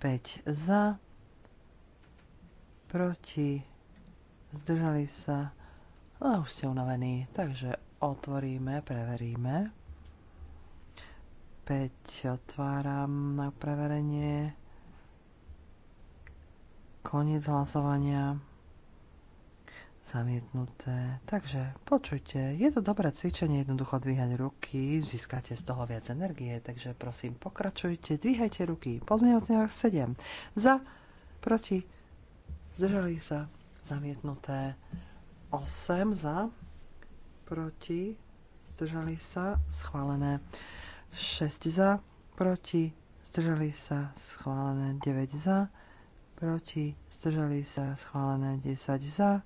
5 za, proti, zdržali sa, a už ste unavení, takže otvoríme, preveríme. 5 otváram na preverenie. Koniec hlasovania. Zamietnuté. Takže počujte, je to dobré cvičenie, jednoducho dvíhať ruky, získate z toho viac energie, takže prosím pokračujte, dvíhajte ruky. Pozmeňovací návrh 7. Za, proti, zdržali sa, zamietnuté 8 za, proti, zdržali sa, schválené 6 za, proti, zdržali sa, schválené 9 za, proti, zdržali sa, schválené 10 za,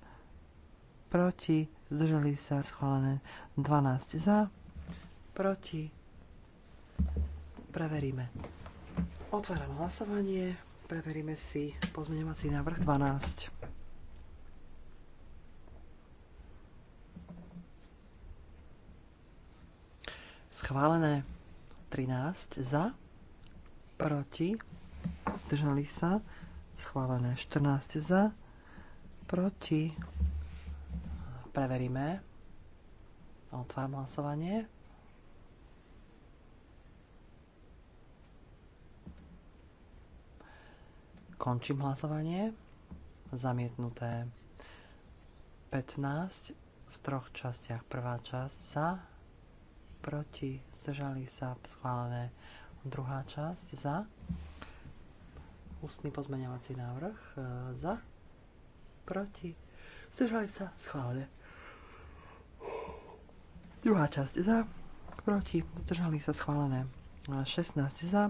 proti, zdržali sa, schválené 12 za, proti. Preveríme. Otváram hlasovanie, preveríme si pozmeňovací návrh 12. Schválené. 13 za. Proti. Zdržali sa. Schválené. 14 za. Proti. Preveríme. Otváram hlasovanie. Končím hlasovanie. Zamietnuté. 15 v troch častiach. Prvá časť za, proti, zdržali sa schválené. Druhá časť za, ústny pozmeňovací návrh e, za, proti, zdržali sa schválené. Druhá časť za, proti, zdržali sa schválené. 16 e, za,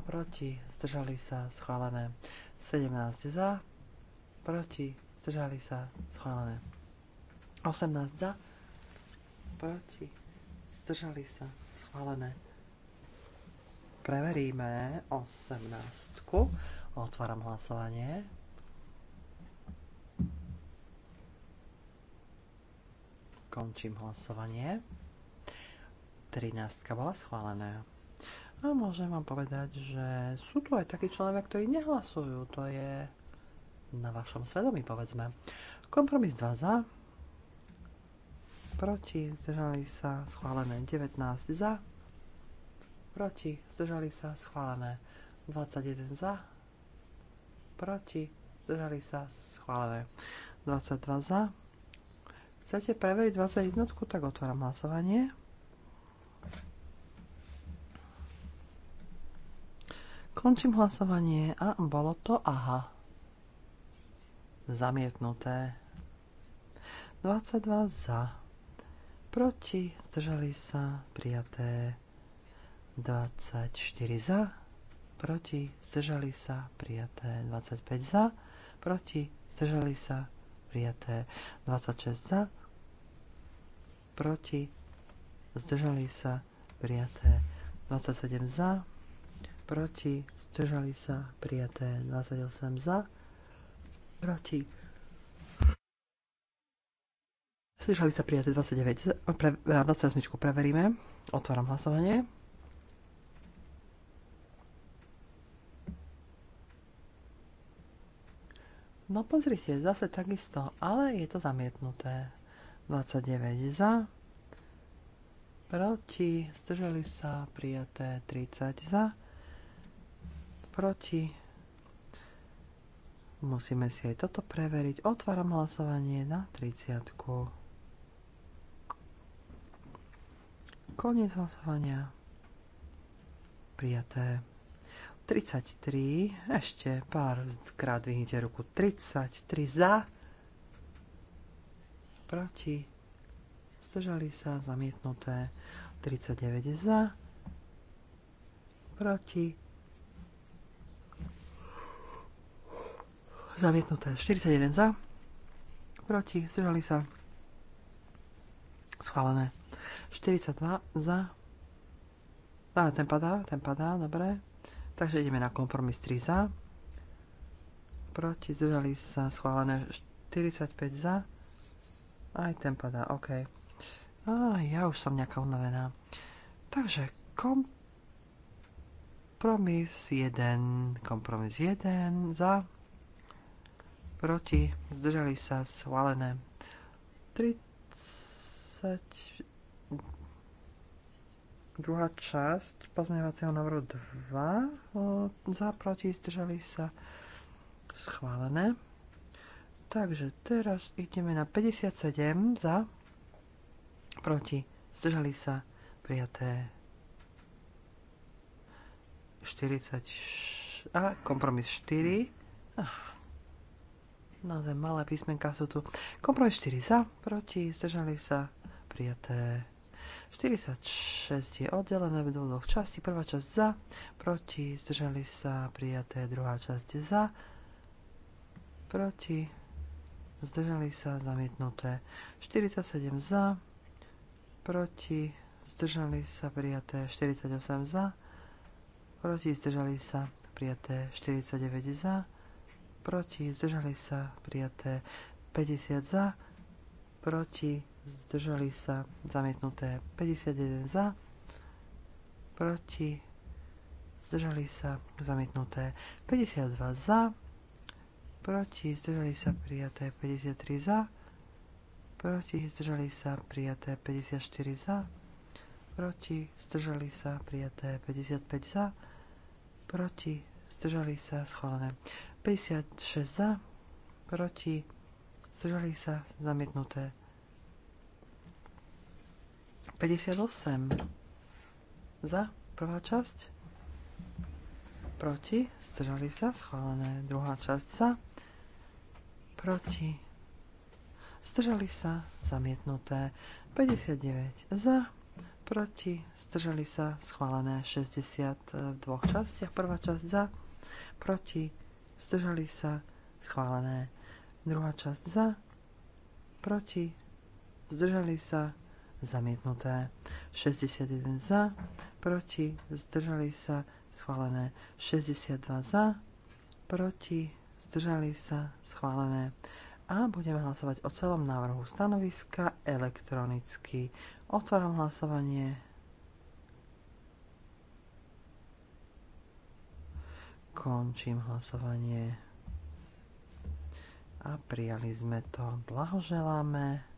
proti, zdržali sa schválené. 17 za, proti, zdržali sa schválené. 18 za, proti, zdržali sa, schválené. Preveríme 18. Otváram hlasovanie. Končím hlasovanie. 13 bola schválená. A môžem vám povedať, že sú tu aj takí členovia, ktorí nehlasujú. To je na vašom svedomí, povedzme. Kompromis 2 za, proti, zdržali sa schválené 19 za, proti, zdržali sa schválené 21 za, proti, zdržali sa schválené 22 za. Chcete preveriť 21, tak otváram hlasovanie. Končím hlasovanie a bolo to aha. Zamietnuté. 22 za proti, zdržali sa, prijaté 24 za, proti, zdržali sa, prijaté 25 za, proti, zdržali sa, prijaté 26 za, proti, zdržali sa, prijaté 27 za, proti, zdržali sa, prijaté 28 za, proti, Slyšali sa prijaté 29, pre, 28 e, preveríme. Otváram hlasovanie. No pozrite, zase takisto, ale je to zamietnuté. 29 za, proti, zdržali sa, prijaté 30 za, proti. Musíme si aj toto preveriť. Otváram hlasovanie na 30. Koniec hlasovania. Prijaté. 33, ešte pár krát vyhnite ruku. 33 za, proti, zdržali sa, zamietnuté. 39 za, proti, zamietnuté. 41 za, proti, zdržali sa, schválené. 42 za. Ale ten padá, ten padá, dobre. Takže ideme na kompromis 3 za. Proti zdržali sa schválené 45 za. Aj ten padá, OK. A ja už som nejaká unavená. Takže kompromis 1, kompromis 1 za. Proti zdržali sa schválené 30 Druhá časť pozmeňovacieho návrhu 2. Za, proti, zdržali sa schválené. Takže teraz ideme na 57 za, proti, zdržali sa prijaté 40 a kompromis 4. Ah, naozaj malé písmenka sú tu. Kompromis 4 za, proti, zdržali sa prijaté 46 je oddelené v dvoch časti. Prvá časť za, proti, zdržali sa, prijaté. Druhá časť za, proti, zdržali sa, zamietnuté. 47 za, proti, zdržali sa, prijaté. 48 za, proti, zdržali sa, prijaté. 49 za, proti, zdržali sa, prijaté. 50 za, proti, zdržali sa zamietnuté 51 za, proti, zdržali sa zamietnuté 52 za, proti, zdržali sa prijaté 53 za, proti, zdržali sa prijaté 54 za, proti, zdržali sa prijaté 55 za, proti, zdržali sa schválené 56 za, proti, zdržali sa zamietnuté 58. Za. Prvá časť. Proti. Zdržali sa. Schválené. Druhá časť. Za. Proti. Zdržali sa. Zamietnuté. 59. Za. Proti. Zdržali sa. Schválené. 60 v dvoch častiach. Prvá časť. Za. Proti. Zdržali sa. Schválené. Druhá časť. Za. Proti. Zdržali sa zamietnuté. 61 za, proti, zdržali sa, schválené. 62 za, proti, zdržali sa, schválené. A budeme hlasovať o celom návrhu stanoviska elektronicky. Otváram hlasovanie. Končím hlasovanie. A prijali sme to. Blahoželáme.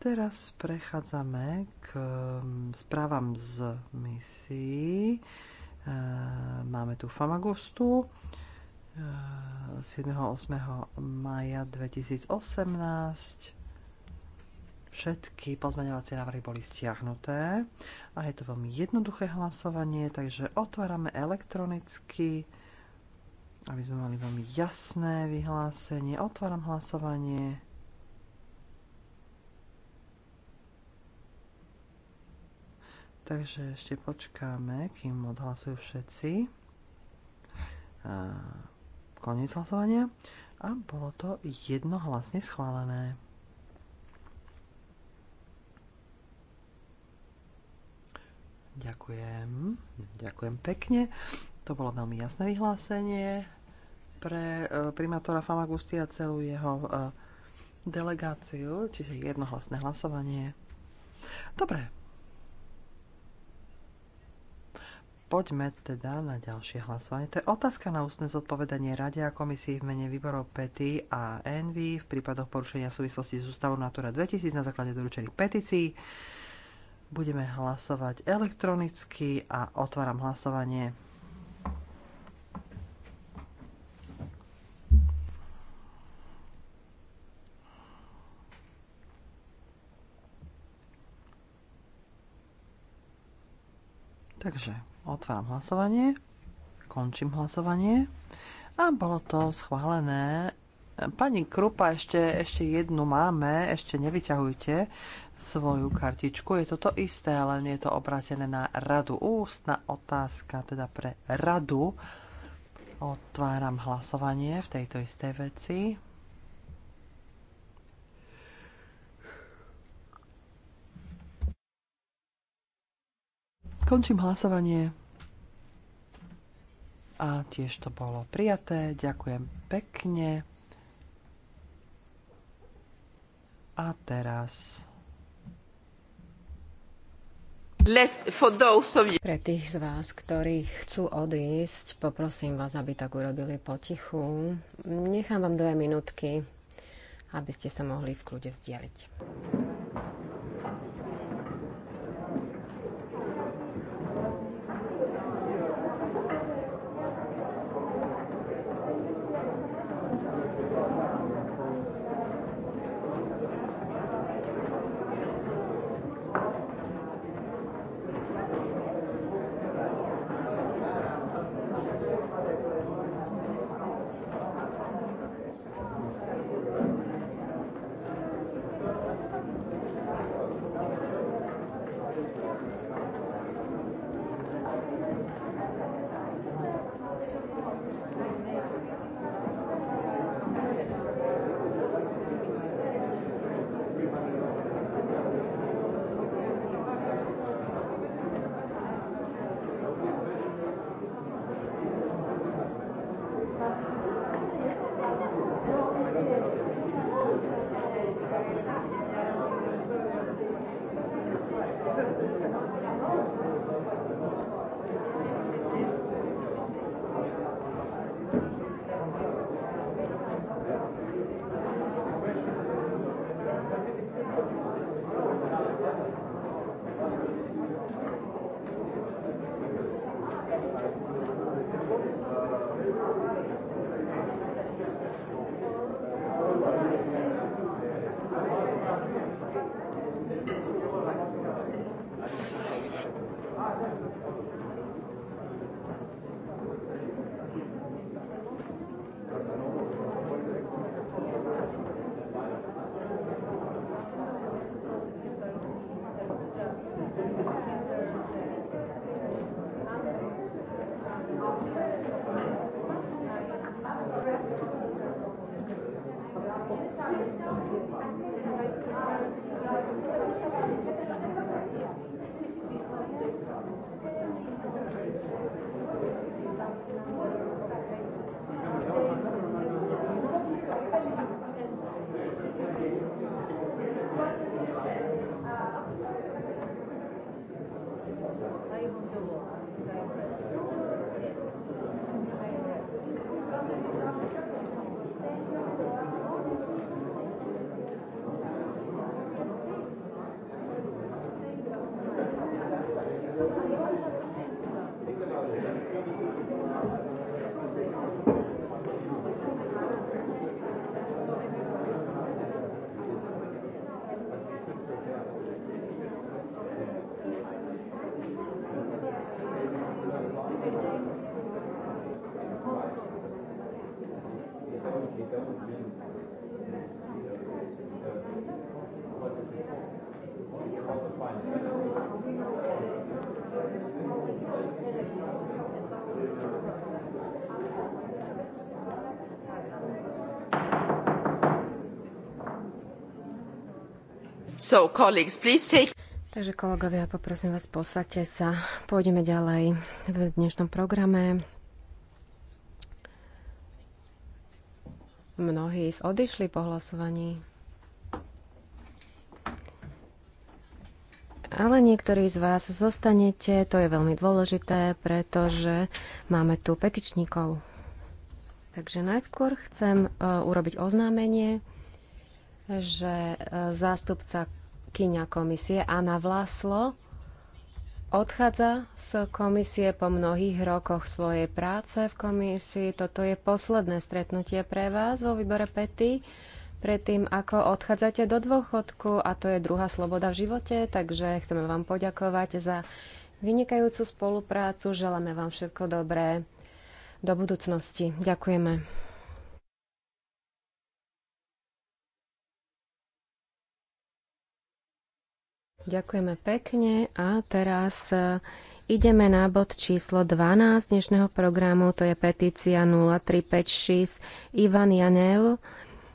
Teraz prechádzame k um, správam z misií. Uh, máme tu Famagustu z uh, maja 2018. Všetky pozmeňovacie návrhy boli stiahnuté a je to veľmi jednoduché hlasovanie, takže otvárame elektronicky, aby sme mali veľmi jasné vyhlásenie. Otváram hlasovanie. Takže ešte počkáme, kým odhlasujú všetci. Koniec hlasovania. A bolo to jednohlasne schválené. Ďakujem. Ďakujem pekne. To bolo veľmi jasné vyhlásenie pre e, primátora Famagusti a celú jeho e, delegáciu, čiže jednohlasné hlasovanie. Dobre, Poďme teda na ďalšie hlasovanie. To je otázka na ústne zodpovedanie Rade a komisii v mene výborov PETI a ENVY v prípadoch porušenia súvislosti s ústavou Natura 2000 na základe doručených petícií. Budeme hlasovať elektronicky a otváram hlasovanie. Takže otváram hlasovanie, končím hlasovanie a bolo to schválené. Pani Krupa, ešte, ešte jednu máme, ešte nevyťahujte svoju kartičku. Je to to isté, len je to obrátené na radu. Ústna otázka teda pre radu. Otváram hlasovanie v tejto istej veci. Končím hlasovanie. A tiež to bolo prijaté. Ďakujem pekne. A teraz... Pre tých z vás, ktorí chcú odísť, poprosím vás, aby tak urobili potichu. Nechám vám dve minútky, aby ste sa mohli v kľude vzdialiť. So, colleagues, please take... Takže kolegovia, poprosím vás, posaďte sa. Pôjdeme ďalej v dnešnom programe. Mnohí odišli po hlasovaní. Ale niektorí z vás zostanete, to je veľmi dôležité, pretože máme tu petičníkov. Takže najskôr chcem e, urobiť oznámenie, že e, zástupca kyňa komisie Anna Vlaslo odchádza z komisie po mnohých rokoch svojej práce v komisii. Toto je posledné stretnutie pre vás vo výbore PETY predtým, ako odchádzate do dôchodku a to je druhá sloboda v živote, takže chceme vám poďakovať za vynikajúcu spoluprácu, želáme vám všetko dobré do budúcnosti. Ďakujeme. Ďakujeme pekne a teraz eh, ideme na bod číslo 12 dnešného programu, to je petícia 0356 Ivan Janev.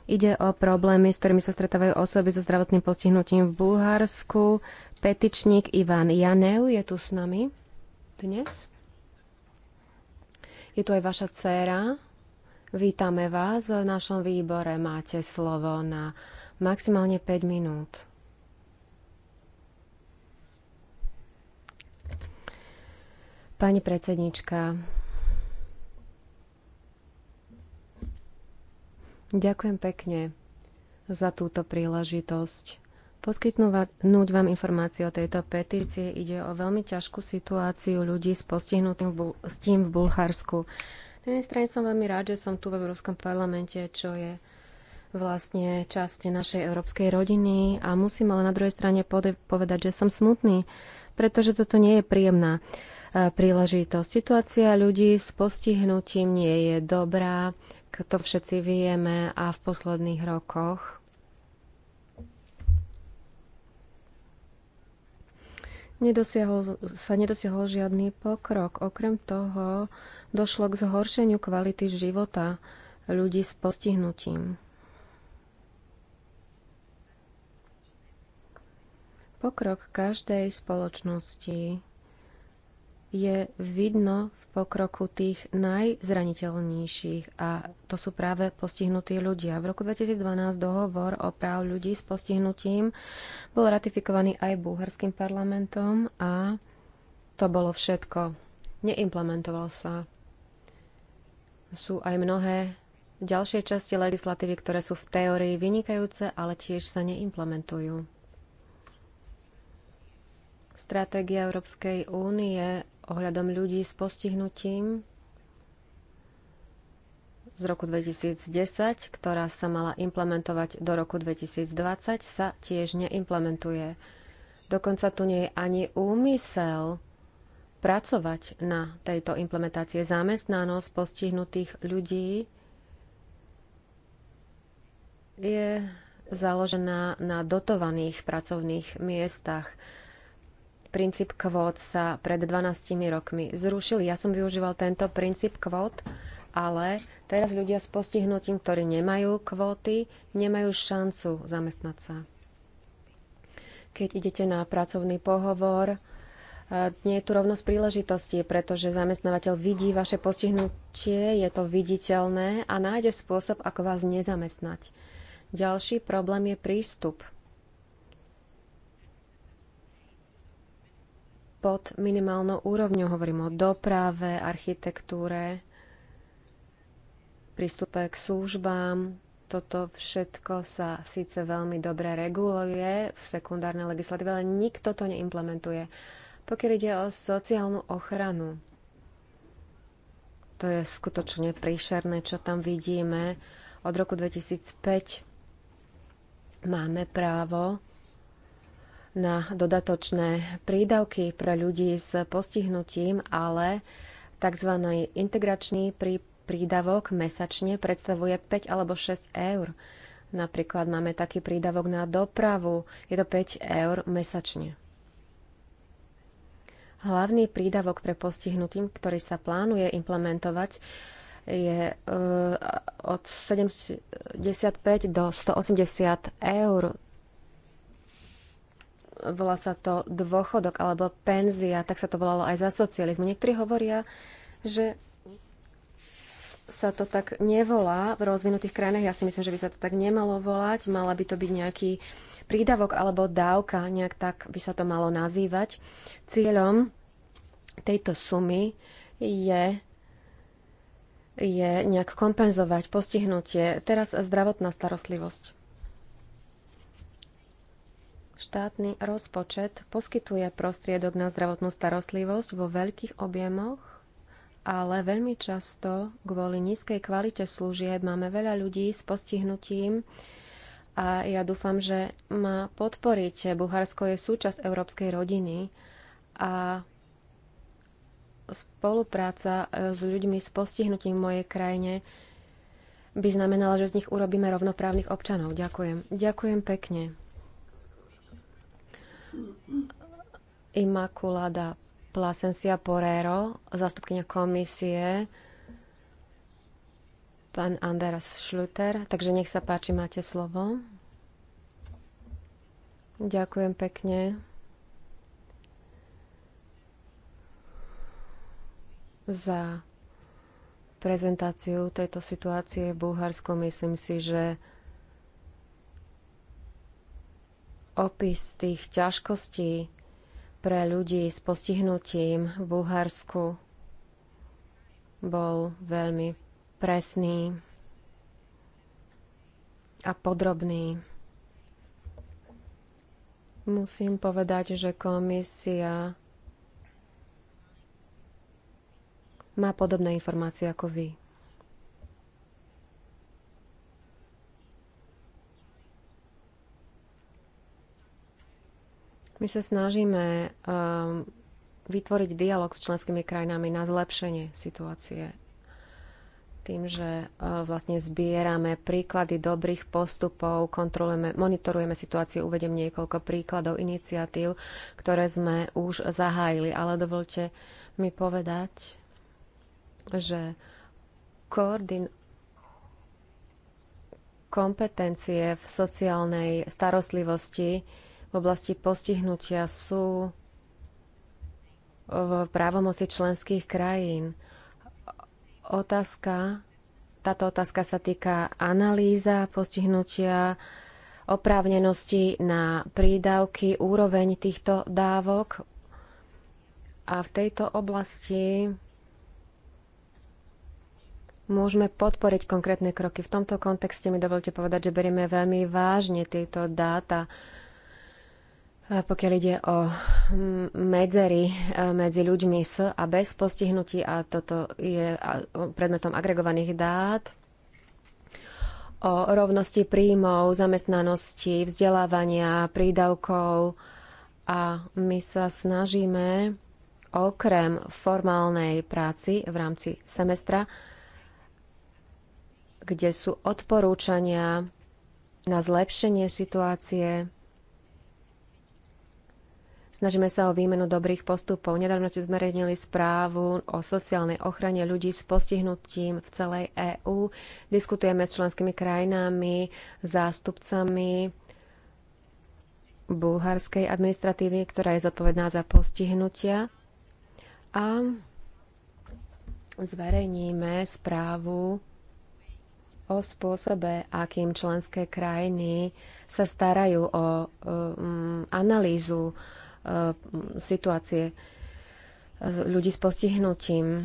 Ide o problémy, s ktorými sa stretávajú osoby so zdravotným postihnutím v Bulharsku. Petičník Ivan Janev je tu s nami dnes. Je tu aj vaša dcéra. Vítame vás v našom výbore. Máte slovo na maximálne 5 minút. Pani predsednička, ďakujem pekne za túto príležitosť. Poskytnúť vám informácie o tejto petície ide o veľmi ťažkú situáciu ľudí s postihnutým s tým v Bulharsku. Na jednej strane som veľmi rád, že som tu v Európskom parlamente, čo je vlastne časť našej európskej rodiny a musím ale na druhej strane povedať, že som smutný, pretože toto nie je príjemná príležitosť. Situácia ľudí s postihnutím nie je dobrá, to všetci vieme a v posledných rokoch nedosiahol, sa nedosiahol žiadny pokrok. Okrem toho došlo k zhoršeniu kvality života ľudí s postihnutím. Pokrok každej spoločnosti je vidno v pokroku tých najzraniteľnejších a to sú práve postihnutí ľudia. V roku 2012 dohovor o práv ľudí s postihnutím bol ratifikovaný aj bulharským parlamentom a to bolo všetko. Neimplementoval sa. Sú aj mnohé ďalšie časti legislatívy, ktoré sú v teórii vynikajúce, ale tiež sa neimplementujú. Stratégia Európskej únie ohľadom ľudí s postihnutím z roku 2010, ktorá sa mala implementovať do roku 2020, sa tiež neimplementuje. Dokonca tu nie je ani úmysel pracovať na tejto implementácie. Zamestnanosť postihnutých ľudí je založená na dotovaných pracovných miestach princíp kvót sa pred 12 rokmi zrušil. Ja som využíval tento princíp kvót, ale teraz ľudia s postihnutím, ktorí nemajú kvóty, nemajú šancu zamestnať sa. Keď idete na pracovný pohovor, e, nie je tu rovnosť príležitosti, pretože zamestnávateľ vidí vaše postihnutie, je to viditeľné a nájde spôsob, ako vás nezamestnať. Ďalší problém je prístup pod minimálnou úrovňou. Hovorím o doprave, architektúre, prístupe k službám. Toto všetko sa síce veľmi dobre reguluje v sekundárnej legislatíve, ale nikto to neimplementuje. Pokiaľ ide o sociálnu ochranu, to je skutočne príšerné, čo tam vidíme. Od roku 2005 máme právo na dodatočné prídavky pre ľudí s postihnutím, ale tzv. integračný prídavok mesačne predstavuje 5 alebo 6 eur. Napríklad máme taký prídavok na dopravu, je to 5 eur mesačne. Hlavný prídavok pre postihnutým, ktorý sa plánuje implementovať, je e, od 75 do 180 eur volá sa to dôchodok alebo penzia, tak sa to volalo aj za socializmu. Niektorí hovoria, že sa to tak nevolá v rozvinutých krajinách. Ja si myslím, že by sa to tak nemalo volať. Mala by to byť nejaký prídavok alebo dávka, nejak tak by sa to malo nazývať. Cieľom tejto sumy je je nejak kompenzovať postihnutie, teraz zdravotná starostlivosť. Štátny rozpočet poskytuje prostriedok na zdravotnú starostlivosť vo veľkých objemoch, ale veľmi často kvôli nízkej kvalite služieb máme veľa ľudí s postihnutím a ja dúfam, že ma podporíte. Bulharsko je súčasť európskej rodiny a spolupráca e, s ľuďmi s postihnutím v mojej krajine by znamenala, že z nich urobíme rovnoprávnych občanov. Ďakujem. Ďakujem pekne. Immaculada Plasencia Porero, zastupkynia komisie, pán Anders Schluter. Takže nech sa páči, máte slovo. Ďakujem pekne. za prezentáciu tejto situácie v Bulharsku. Myslím si, že opis tých ťažkostí pre ľudí s postihnutím v Bulharsku bol veľmi presný a podrobný. Musím povedať, že komisia má podobné informácie ako vy. My sa snažíme um, vytvoriť dialog s členskými krajinami na zlepšenie situácie tým, že uh, vlastne zbierame príklady dobrých postupov, kontrolujeme, monitorujeme situáciu, uvedem niekoľko príkladov iniciatív, ktoré sme už zahájili, ale dovolte mi povedať, že koordin kompetencie v sociálnej starostlivosti oblasti postihnutia sú v právomoci členských krajín. Otázka, táto otázka sa týka analýza postihnutia oprávnenosti na prídavky, úroveň týchto dávok. A v tejto oblasti môžeme podporiť konkrétne kroky. V tomto kontexte mi dovolte povedať, že berieme veľmi vážne tieto dáta, pokiaľ ide o mm, medzery e, medzi ľuďmi s a bez postihnutí, a toto je predmetom agregovaných dát, o rovnosti príjmov, zamestnanosti, vzdelávania, prídavkov. A my sa snažíme okrem formálnej práci v rámci semestra, kde sú odporúčania na zlepšenie situácie Snažíme sa o výmenu dobrých postupov. Nedávno ste zmerenili správu o sociálnej ochrane ľudí s postihnutím v celej EÚ. Diskutujeme s členskými krajinami, zástupcami bulharskej administratívy, ktorá je zodpovedná za postihnutia. A zverejníme správu o spôsobe, akým členské krajiny sa starajú o um, analýzu Eh, situácie ľudí s postihnutím.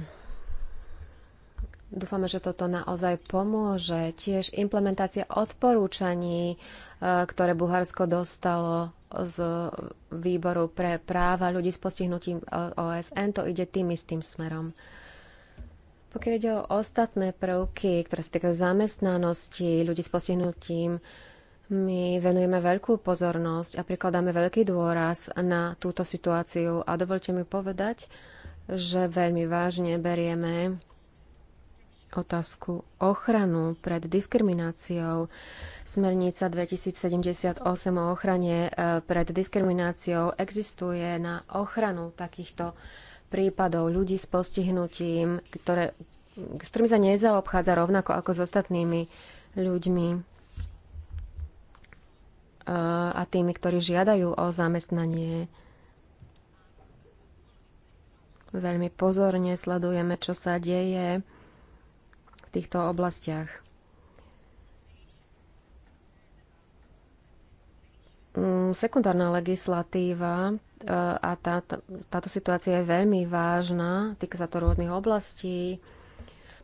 Dúfame, že toto naozaj pomôže. Tiež implementácia odporúčaní, eh, ktoré Bulharsko dostalo z výboru pre práva ľudí s postihnutím eh, OSN, to ide tým istým smerom. Pokiaľ ide o ostatné prvky, ktoré sa týkajú zamestnanosti ľudí s postihnutím, my venujeme veľkú pozornosť a prikladáme veľký dôraz na túto situáciu a dovolte mi povedať, že veľmi vážne berieme otázku ochranu pred diskrimináciou. Smernica 2078 o ochrane e, pred diskrimináciou existuje na ochranu takýchto prípadov ľudí s postihnutím, ktoré, s ktorými sa nezaobchádza rovnako ako s ostatnými ľuďmi a tými, ktorí žiadajú o zamestnanie. Veľmi pozorne sledujeme, čo sa deje v týchto oblastiach. Mm, sekundárna legislatíva e, a tá, táto situácia je veľmi vážna, týka sa to rôznych oblastí,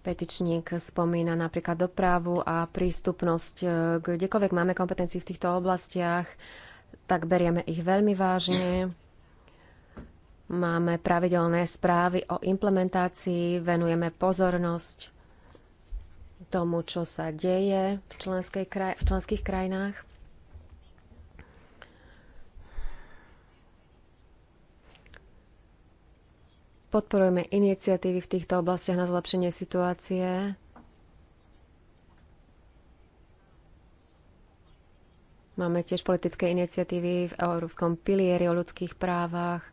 Petičník spomína napríklad dopravu a prístupnosť. E, kdekoľvek máme kompetencii v týchto oblastiach, tak berieme ich veľmi vážne. Máme pravidelné správy o implementácii, venujeme pozornosť tomu, čo sa deje v, kraj- v členských krajinách. Podporujeme iniciatívy v týchto oblastiach na zlepšenie situácie. Máme tiež politické iniciatívy v Európskom pilieri o ľudských právach,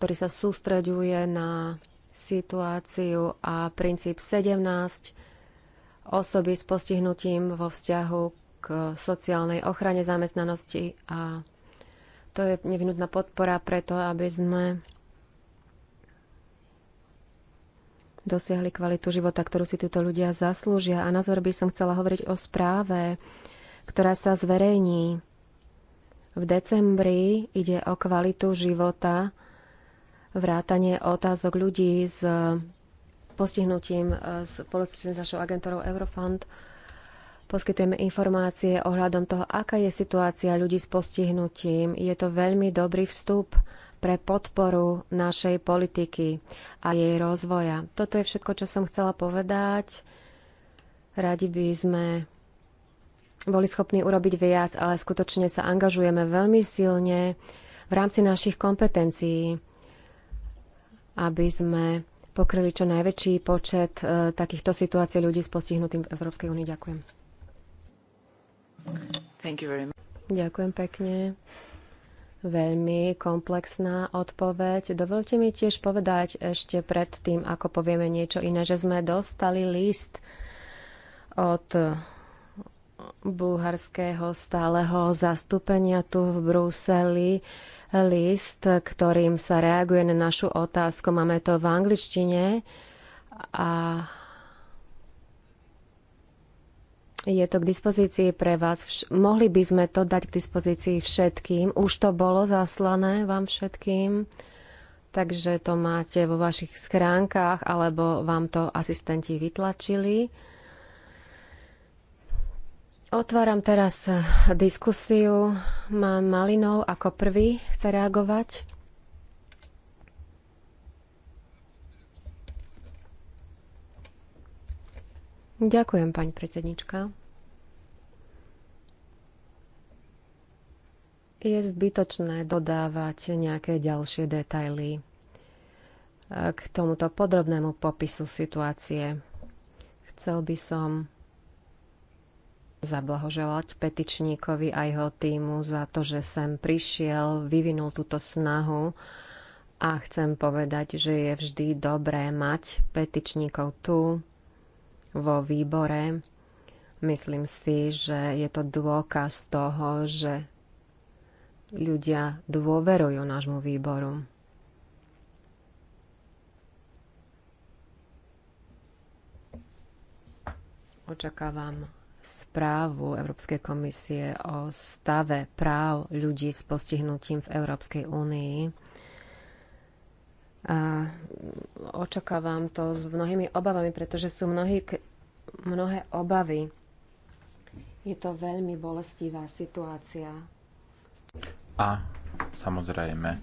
ktorý sa sústreďuje na situáciu a princíp 17 osoby s postihnutím vo vzťahu k sociálnej ochrane zamestnanosti a to je nevinutná podpora preto, aby sme dosiahli kvalitu života, ktorú si títo ľudia zaslúžia. A na záver by som chcela hovoriť o správe, ktorá sa zverejní v decembri. Ide o kvalitu života, vrátanie otázok ľudí s postihnutím e, spolupráci s našou agentúrou Eurofund. Poskytujeme informácie ohľadom toho, aká je situácia ľudí s postihnutím. Je to veľmi dobrý vstup pre podporu našej politiky a jej rozvoja. Toto je všetko, čo som chcela povedať. Radi by sme boli schopní urobiť viac, ale skutočne sa angažujeme veľmi silne v rámci našich kompetencií, aby sme pokryli čo najväčší počet e, takýchto situácií ľudí s postihnutým v Európskej únii. Ďakujem. Ďakujem pekne veľmi komplexná odpoveď. Dovolte mi tiež povedať ešte pred tým, ako povieme niečo iné, že sme dostali list od bulharského stáleho zastúpenia tu v Bruseli list, ktorým sa reaguje na našu otázku. Máme to v angličtine a je to k dispozícii pre vás. Vš- mohli by sme to dať k dispozícii všetkým. Už to bolo zaslané vám všetkým, takže to máte vo vašich schránkach, alebo vám to asistenti vytlačili. Otváram teraz diskusiu. Mám Malinov ako prvý chce reagovať. Ďakujem, pani predsednička. Je zbytočné dodávať nejaké ďalšie detaily eh, k tomuto podrobnému popisu situácie. Chcel by som zablahoželať petičníkovi a jeho týmu za to, že sem prišiel, vyvinul túto snahu a chcem povedať, že je vždy dobré mať petičníkov tu, vo výbore. Myslím si, že je to dôkaz toho, že ľudia dôverujú nášmu výboru. Očakávam správu Európskej komisie o stave práv ľudí s postihnutím v Európskej únii a očakávam to s mnohými obavami, pretože sú mnohí, mnohé obavy. Je to veľmi bolestivá situácia. A samozrejme,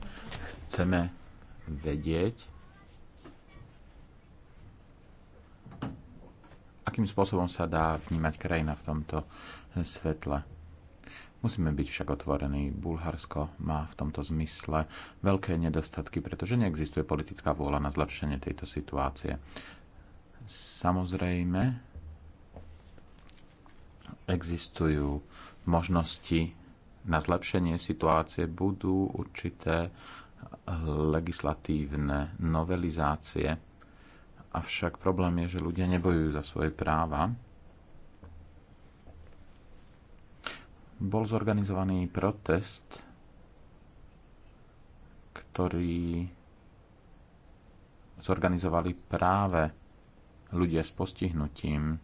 chceme vedieť, akým spôsobom sa dá vnímať krajina v tomto svetle. Musíme byť však otvorení. Bulharsko má v tomto zmysle veľké nedostatky, pretože neexistuje politická vôľa na zlepšenie tejto situácie. Samozrejme, existujú možnosti na zlepšenie situácie, budú určité legislatívne novelizácie. Avšak problém je, že ľudia nebojujú za svoje práva bol zorganizovaný protest, ktorý zorganizovali práve ľudia s postihnutím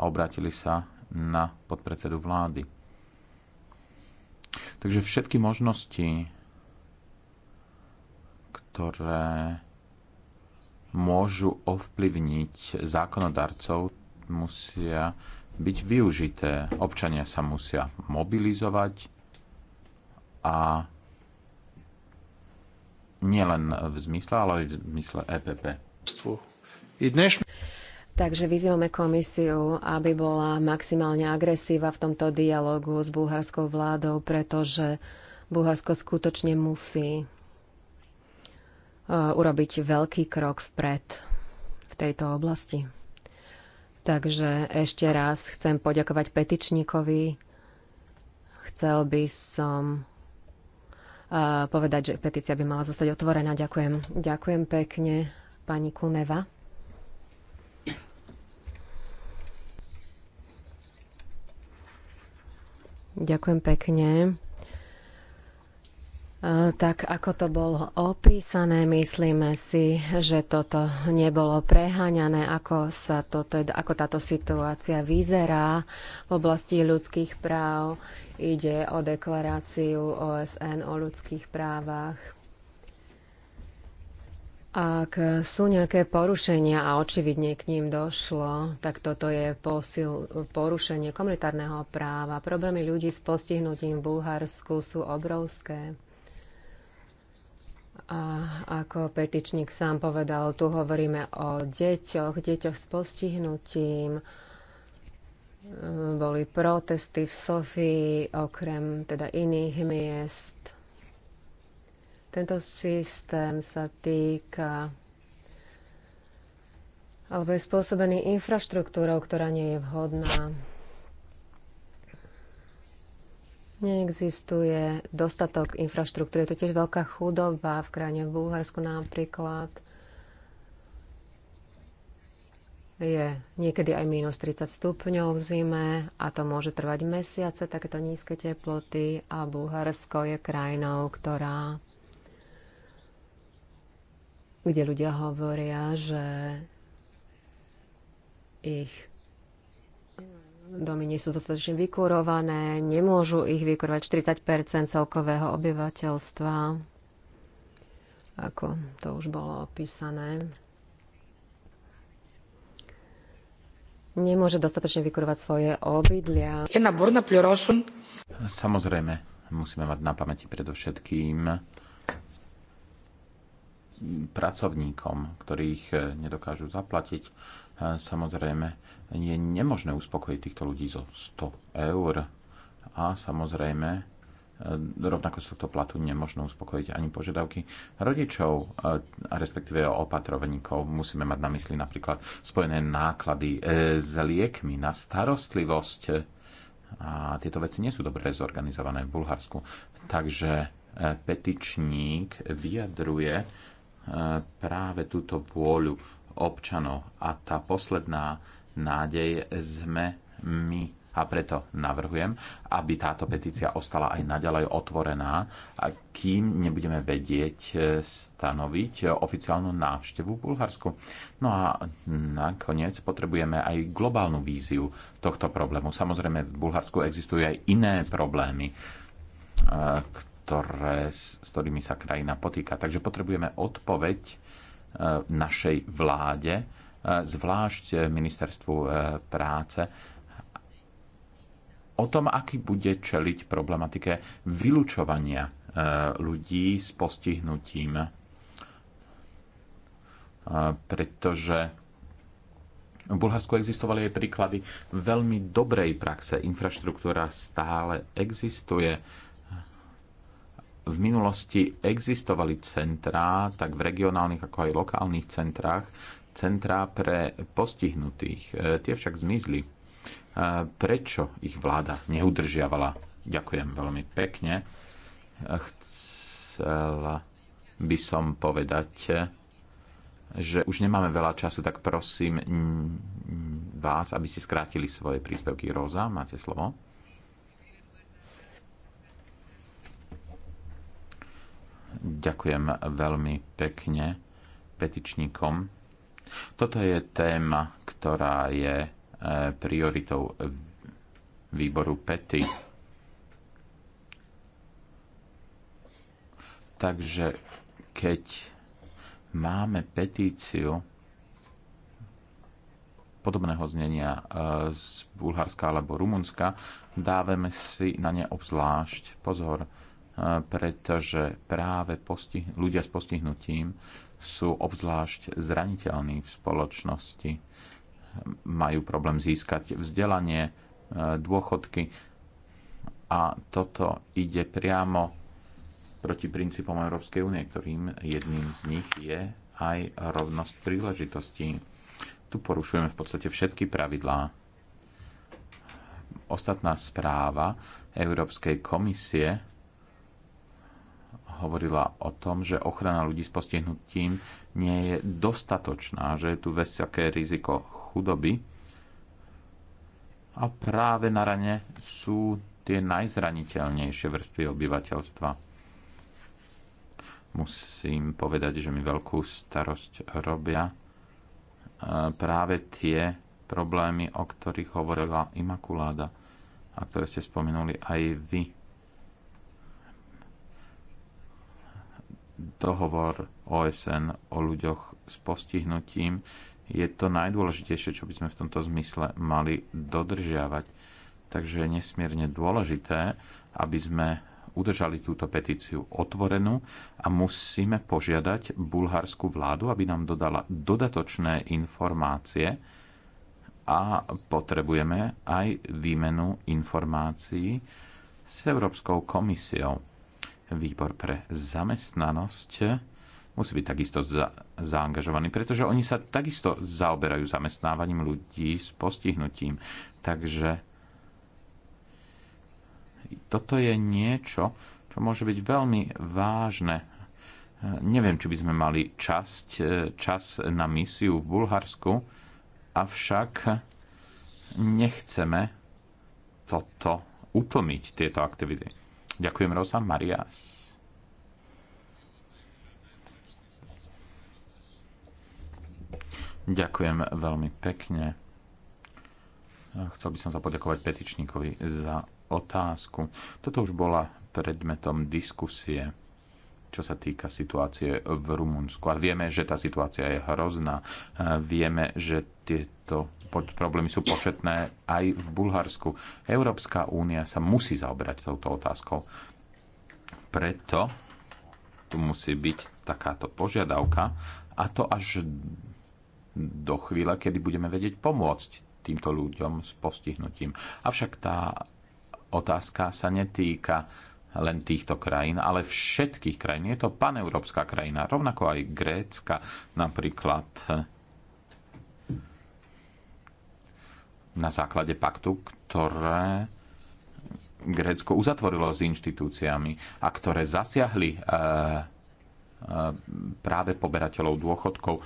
a obrátili sa na podpredsedu vlády. Takže všetky možnosti, ktoré môžu ovplyvniť zákonodarcov, musia byť využité. Občania sa musia mobilizovať a nielen v zmysle, ale aj v zmysle EPP. Takže vyzývame komisiu, aby bola maximálne agresíva v tomto dialogu s bulharskou vládou, pretože Bulharsko skutočne musí e, urobiť veľký krok vpred v tejto oblasti. Takže ešte raz chcem poďakovať petičníkovi. Chcel by som eh, povedať, že petícia by mala zostať otvorená. Ďakujem. Ďakujem pekne, pani Kuneva. Ďakujem pekne. Eh, tak ako to bolo opísané, myslíme si, že toto nebolo preháňané, ako, sa to, teda, ako táto situácia vyzerá v oblasti ľudských práv. Ide o deklaráciu OSN o ľudských právach. Ak sú nejaké porušenia a očividne k ním došlo, tak toto je posil, porušenie komunitárneho práva. Problémy ľudí s postihnutím v Bulharsku sú obrovské. A ako petičník sám povedal, tu hovoríme o deťoch, deťoch s postihnutím. Boli protesty v Sofii, okrem teda iných miest. Tento systém sa týka alebo je spôsobený infraštruktúrou, ktorá nie je vhodná. Neexistuje dostatok infraštruktúry. Je to tiež veľká chudoba v krajine v Bulharsku napríklad. Je niekedy aj minus 30 stupňov v zime a to môže trvať mesiace, takéto nízke teploty a Bulharsko je krajinou, ktorá kde ľudia hovoria, že ich domy nie sú dostatočne vykurované, nemôžu ich vykurovať 40 celkového obyvateľstva, ako to už bolo opísané. Nemôže dostatočne vykurovať svoje obydlia. Je na Samozrejme, musíme mať na pamäti predovšetkým pracovníkom, ktorých nedokážu zaplatiť Samozrejme, je nemožné uspokojiť týchto ľudí zo 100 eur. A samozrejme, e, rovnako z tohto platu nemožno uspokojiť ani požiadavky rodičov e, a respektíve opatrovníkov. Musíme mať na mysli napríklad spojené náklady e, s liekmi na starostlivosť. A tieto veci nie sú dobre zorganizované v Bulharsku. Takže petičník vyjadruje práve túto vôľu občanov. A tá posledná nádej sme my. A preto navrhujem, aby táto petícia ostala aj naďalej otvorená, kým nebudeme vedieť e, stanoviť e, oficiálnu návštevu v Bulharsku. No a nakoniec potrebujeme aj globálnu víziu tohto problému. Samozrejme, v Bulharsku existujú aj iné problémy, e, ktoré, s ktorými sa krajina potýka. Takže potrebujeme odpoveď Eh, našej vláde, eh, zvlášť eh, ministerstvu práce, o tom, aký bude čeliť problematike vylučovania ľudí s postihnutím. Pretože v Bulharsku existovali aj príklady veľmi dobrej praxe. Infraštruktúra stále existuje v minulosti existovali centrá, tak v regionálnych ako aj lokálnych centrách, centrá pre postihnutých. E, tie však zmizli. E, prečo ich vláda neudržiavala? Ďakujem veľmi pekne. E, chcela by som povedať, že už nemáme veľa času, tak prosím vás, aby ste skrátili svoje príspevky. Róza, máte slovo. Ďakujem veľmi pekne petičníkom. Toto je téma, ktorá je e, prioritou výboru PETI. Takže keď máme petíciu podobného znenia e, z Bulharska alebo Rumunska, dávame si na ne obzvlášť pozor pretože práve postih- ľudia s postihnutím sú obzvlášť zraniteľní v spoločnosti. Majú problém získať vzdelanie, e, dôchodky a toto ide priamo proti princípom Európskej únie, ktorým jedným z nich je aj rovnosť príležitostí. Tu porušujeme v podstate všetky pravidlá. Ostatná správa Európskej komisie hovorila o tom, že ochrana ľudí s postihnutím nie je dostatočná, že je tu vysoké riziko chudoby. A práve na rane sú tie najzraniteľnejšie vrstvy obyvateľstva. Musím povedať, že mi veľkú starosť robia e, práve tie problémy, o ktorých hovorila Imakuláda a ktoré ste spomenuli aj vy dohovor OSN o ľuďoch s postihnutím. Je to najdôležitejšie, čo by sme v tomto zmysle mali dodržiavať. Takže je nesmierne dôležité, aby sme udržali túto petíciu otvorenú a musíme požiadať bulharskú vládu, aby nám dodala dodatočné informácie a potrebujeme aj výmenu informácií s Európskou komisiou výbor pre zamestnanosť musí byť takisto za, zaangažovaný, pretože oni sa takisto zaoberajú zamestnávaním ľudí s postihnutím. Takže toto je niečo, čo môže byť veľmi vážne. Neviem, či by sme mali časť, čas na misiu v Bulharsku, avšak nechceme toto utlmiť, tieto aktivity. Ďakujem, Rosa. Marias. Ďakujem veľmi pekne. Chcel by som sa poďakovať petičníkovi za otázku. Toto už bola predmetom diskusie čo sa týka situácie v Rumunsku. A vieme, že tá situácia je hrozná. E, vieme, že tieto problémy sú početné aj v Bulharsku. Európska únia sa musí zaoberať touto otázkou. Preto tu musí byť takáto požiadavka a to až do chvíle, kedy budeme vedieť pomôcť týmto ľuďom s postihnutím. Avšak tá otázka sa netýka len týchto krajín, ale všetkých krajín. Je to paneurópska krajina, rovnako aj Grécka napríklad eh, na základe paktu, ktoré Grécko uzatvorilo s inštitúciami a ktoré zasiahli eh, eh, práve poberateľov dôchodkov,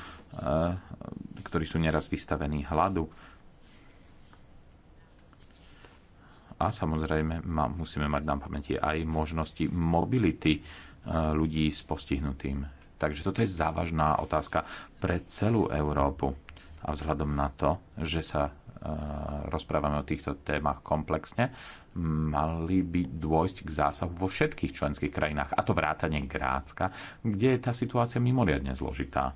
ktorí sú neraz vystavení hladu A samozrejme ma, musíme mať na pamäti aj možnosti mobility e, ľudí s postihnutým. Takže toto je závažná otázka pre celú Európu. A vzhľadom na to, že sa e, rozprávame o týchto témach komplexne, mali by dôjsť k zásahu vo všetkých členských krajinách, a to vrátane Grácka, kde je tá situácia mimoriadne zložitá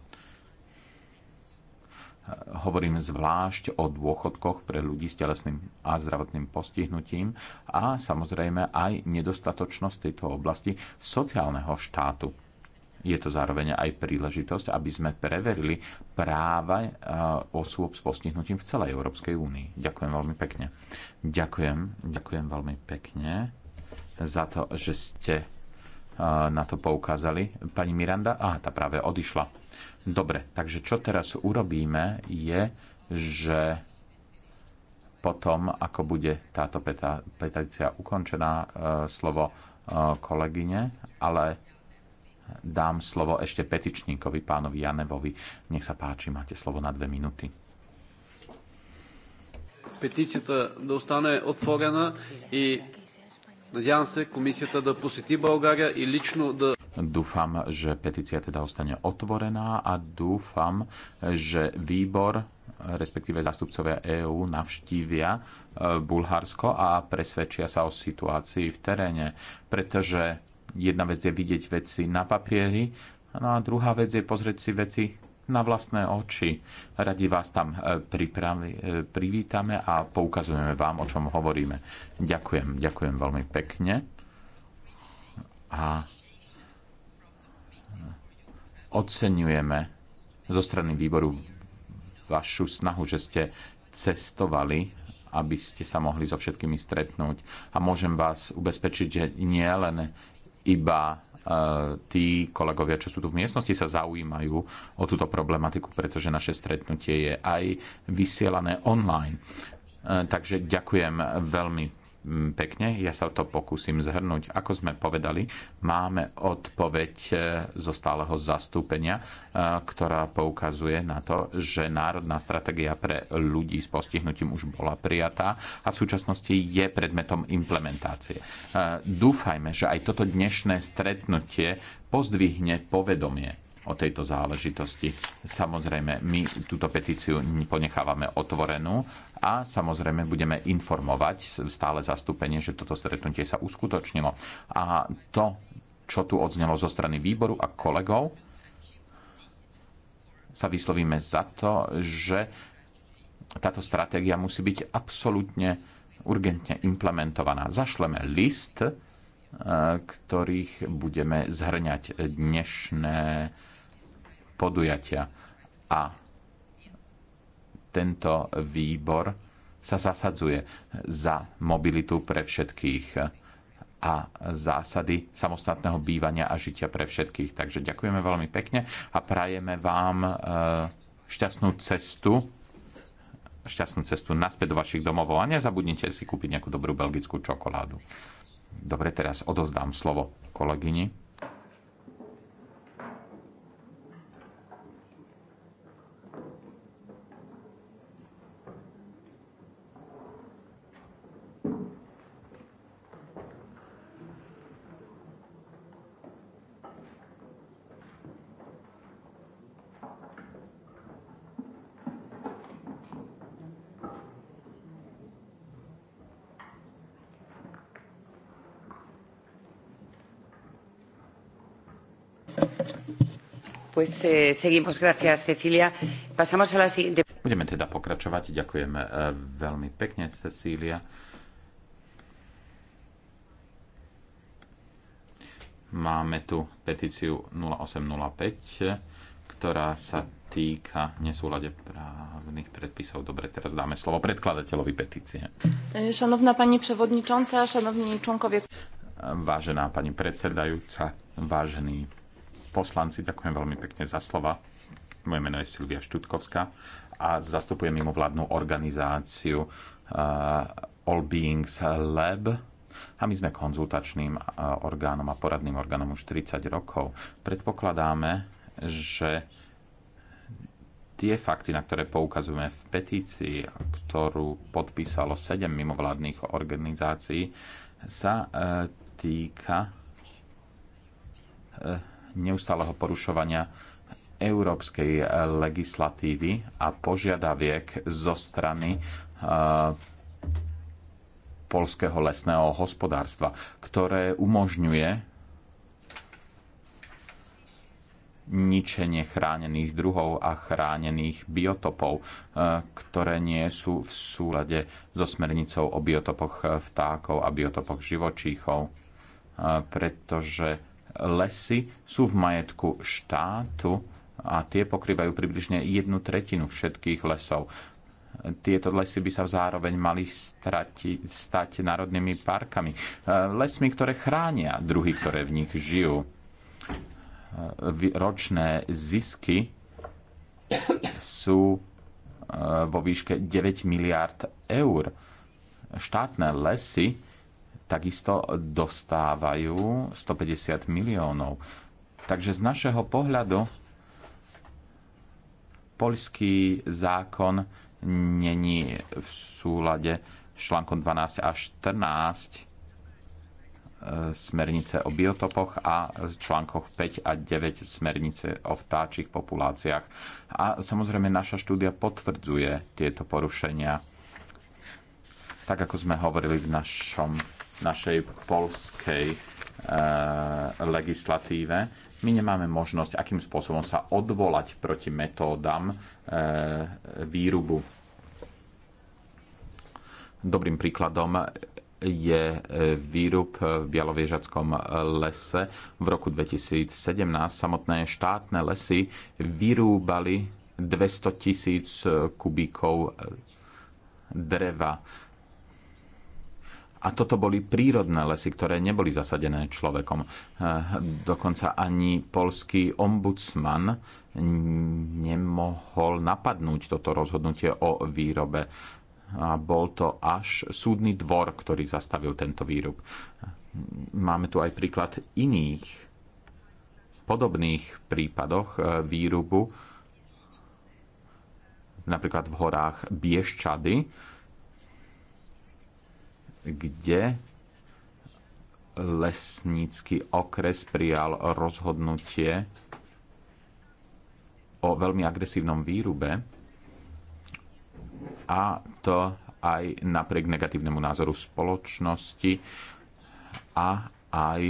hovorím zvlášť o dôchodkoch pre ľudí s telesným a zdravotným postihnutím a samozrejme aj nedostatočnosť tejto oblasti sociálneho štátu. Je to zároveň aj príležitosť, aby sme preverili práva e, osôb s postihnutím v celej Európskej únii. Ďakujem veľmi pekne. Ďakujem, ďakujem veľmi pekne za to, že ste e, na to poukázali. Pani Miranda, aha, tá práve odišla. Dobre, takže čo teraz urobíme je, že potom, ako bude táto petícia ukončená, e, slovo e, kolegyne, ale dám slovo ešte petičníkovi, pánovi Janevovi. Nech sa páči, máte slovo na dve minúty. Petícia dostane otvorená i и sa, komisia da да bulgária i lično da Dúfam, že petícia teda ostane otvorená a dúfam, že výbor, respektíve zástupcovia EÚ navštívia e, Bulharsko a presvedčia sa o situácii v teréne. Pretože jedna vec je vidieť veci na papieri, no a druhá vec je pozrieť si veci na vlastné oči. Radi vás tam e, pripravi, e, privítame a poukazujeme vám, o čom hovoríme. Ďakujem, ďakujem veľmi pekne. A Oceňujeme zo strany výboru vašu snahu, že ste cestovali, aby ste sa mohli so všetkými stretnúť. A môžem vás ubezpečiť, že nie len iba e, tí kolegovia, čo sú tu v miestnosti, sa zaujímajú o túto problematiku, pretože naše stretnutie je aj vysielané online. E, takže ďakujem veľmi Mm, pekne. Ja sa to pokúsim zhrnúť. Ako sme povedali, máme odpoveď e, zo stáleho zastúpenia, e, ktorá poukazuje na to, že národná stratégia pre ľudí s postihnutím už bola prijatá a v súčasnosti je predmetom implementácie. E, dúfajme, že aj toto dnešné stretnutie pozdvihne povedomie o tejto záležitosti. Samozrejme, my túto petíciu ponechávame otvorenú a samozrejme budeme informovať stále zastúpenie, že toto stretnutie sa uskutočnilo. A to, čo tu odznelo zo strany výboru a kolegov, sa vyslovíme za to, že táto stratégia musí byť absolútne urgentne implementovaná. Zašleme list, eh, ktorých budeme zhrňať dnešné podujatia. A tento výbor sa zasadzuje za mobilitu pre všetkých a zásady samostatného bývania a žitia pre všetkých. Takže ďakujeme veľmi pekne a prajeme vám e, šťastnú cestu šťastnú cestu naspäť do vašich domovov a nezabudnite si kúpiť nejakú dobrú belgickú čokoládu. Dobre, teraz odozdám slovo kolegyni. Pues eh, seguimos. Gracias, Cecilia. Pasamos a la siguiente. Budeme teda pokračovať. Ďakujem eh, veľmi pekne, Cecília. Máme tu petíciu 0805, ktorá sa týka nesúlade právnych predpisov. Dobre, teraz dáme slovo predkladateľovi petície. Šanovná eh, pani przewodnicząca, šanovní členkovia. Vážená pani predsedajúca, vážení poslanci. Ďakujem veľmi pekne za slova. Moje meno je Silvia Štutkovská a zastupujem mimovládnu organizáciu eh, All Beings Lab, a my sme konzultačným eh, orgánom a poradným orgánom už 30 rokov. Predpokladáme, že tie fakty, na ktoré poukazujeme v petícii, ktorú podpísalo 7 mimovládnych organizácií, sa eh, týka neustáleho porušovania európskej legislatívy a požiadaviek zo strany eh, polského lesného hospodárstva, ktoré umožňuje ničenie chránených druhov a chránených biotopov, eh, ktoré nie sú v súlade so smernicou o biotopoch vtákov a biotopoch živočíchov, eh, pretože lesy sú v majetku štátu a tie pokrývajú približne jednu tretinu všetkých lesov. Tieto lesy by sa zároveň mali strati, stať národnými parkami. E, lesmi, ktoré chránia druhy, ktoré v nich žijú. E, ročné zisky sú e, vo výške 9 miliard eur. Štátne lesy takisto dostávajú 150 miliónov. Takže z našeho pohľadu poľský zákon není v súlade s článkom 12 až 14 e, smernice o biotopoch a článkoch 5 a 9 smernice o vtáčich populáciách. A samozrejme naša štúdia potvrdzuje tieto porušenia. Tak ako sme hovorili v našom našej polskej eh, legislatíve. My nemáme možnosť, akým spôsobom sa odvolať proti metódam eh, výrubu. Dobrým príkladom je eh, výrub v Bialoviežackom lese. V roku 2017 samotné štátne lesy vyrúbali 200 tisíc kubíkov dreva a toto boli prírodné lesy, ktoré neboli zasadené človekom. Eh, dokonca ani polský ombudsman nemohol napadnúť toto rozhodnutie o výrobe. A bol to až súdny dvor, ktorý zastavil tento výrob. Máme tu aj príklad iných podobných prípadoch eh, výrubu, napríklad v horách Bieščady, kde lesnícky okres prijal rozhodnutie o veľmi agresívnom výrube a to aj napriek negatívnemu názoru spoločnosti a aj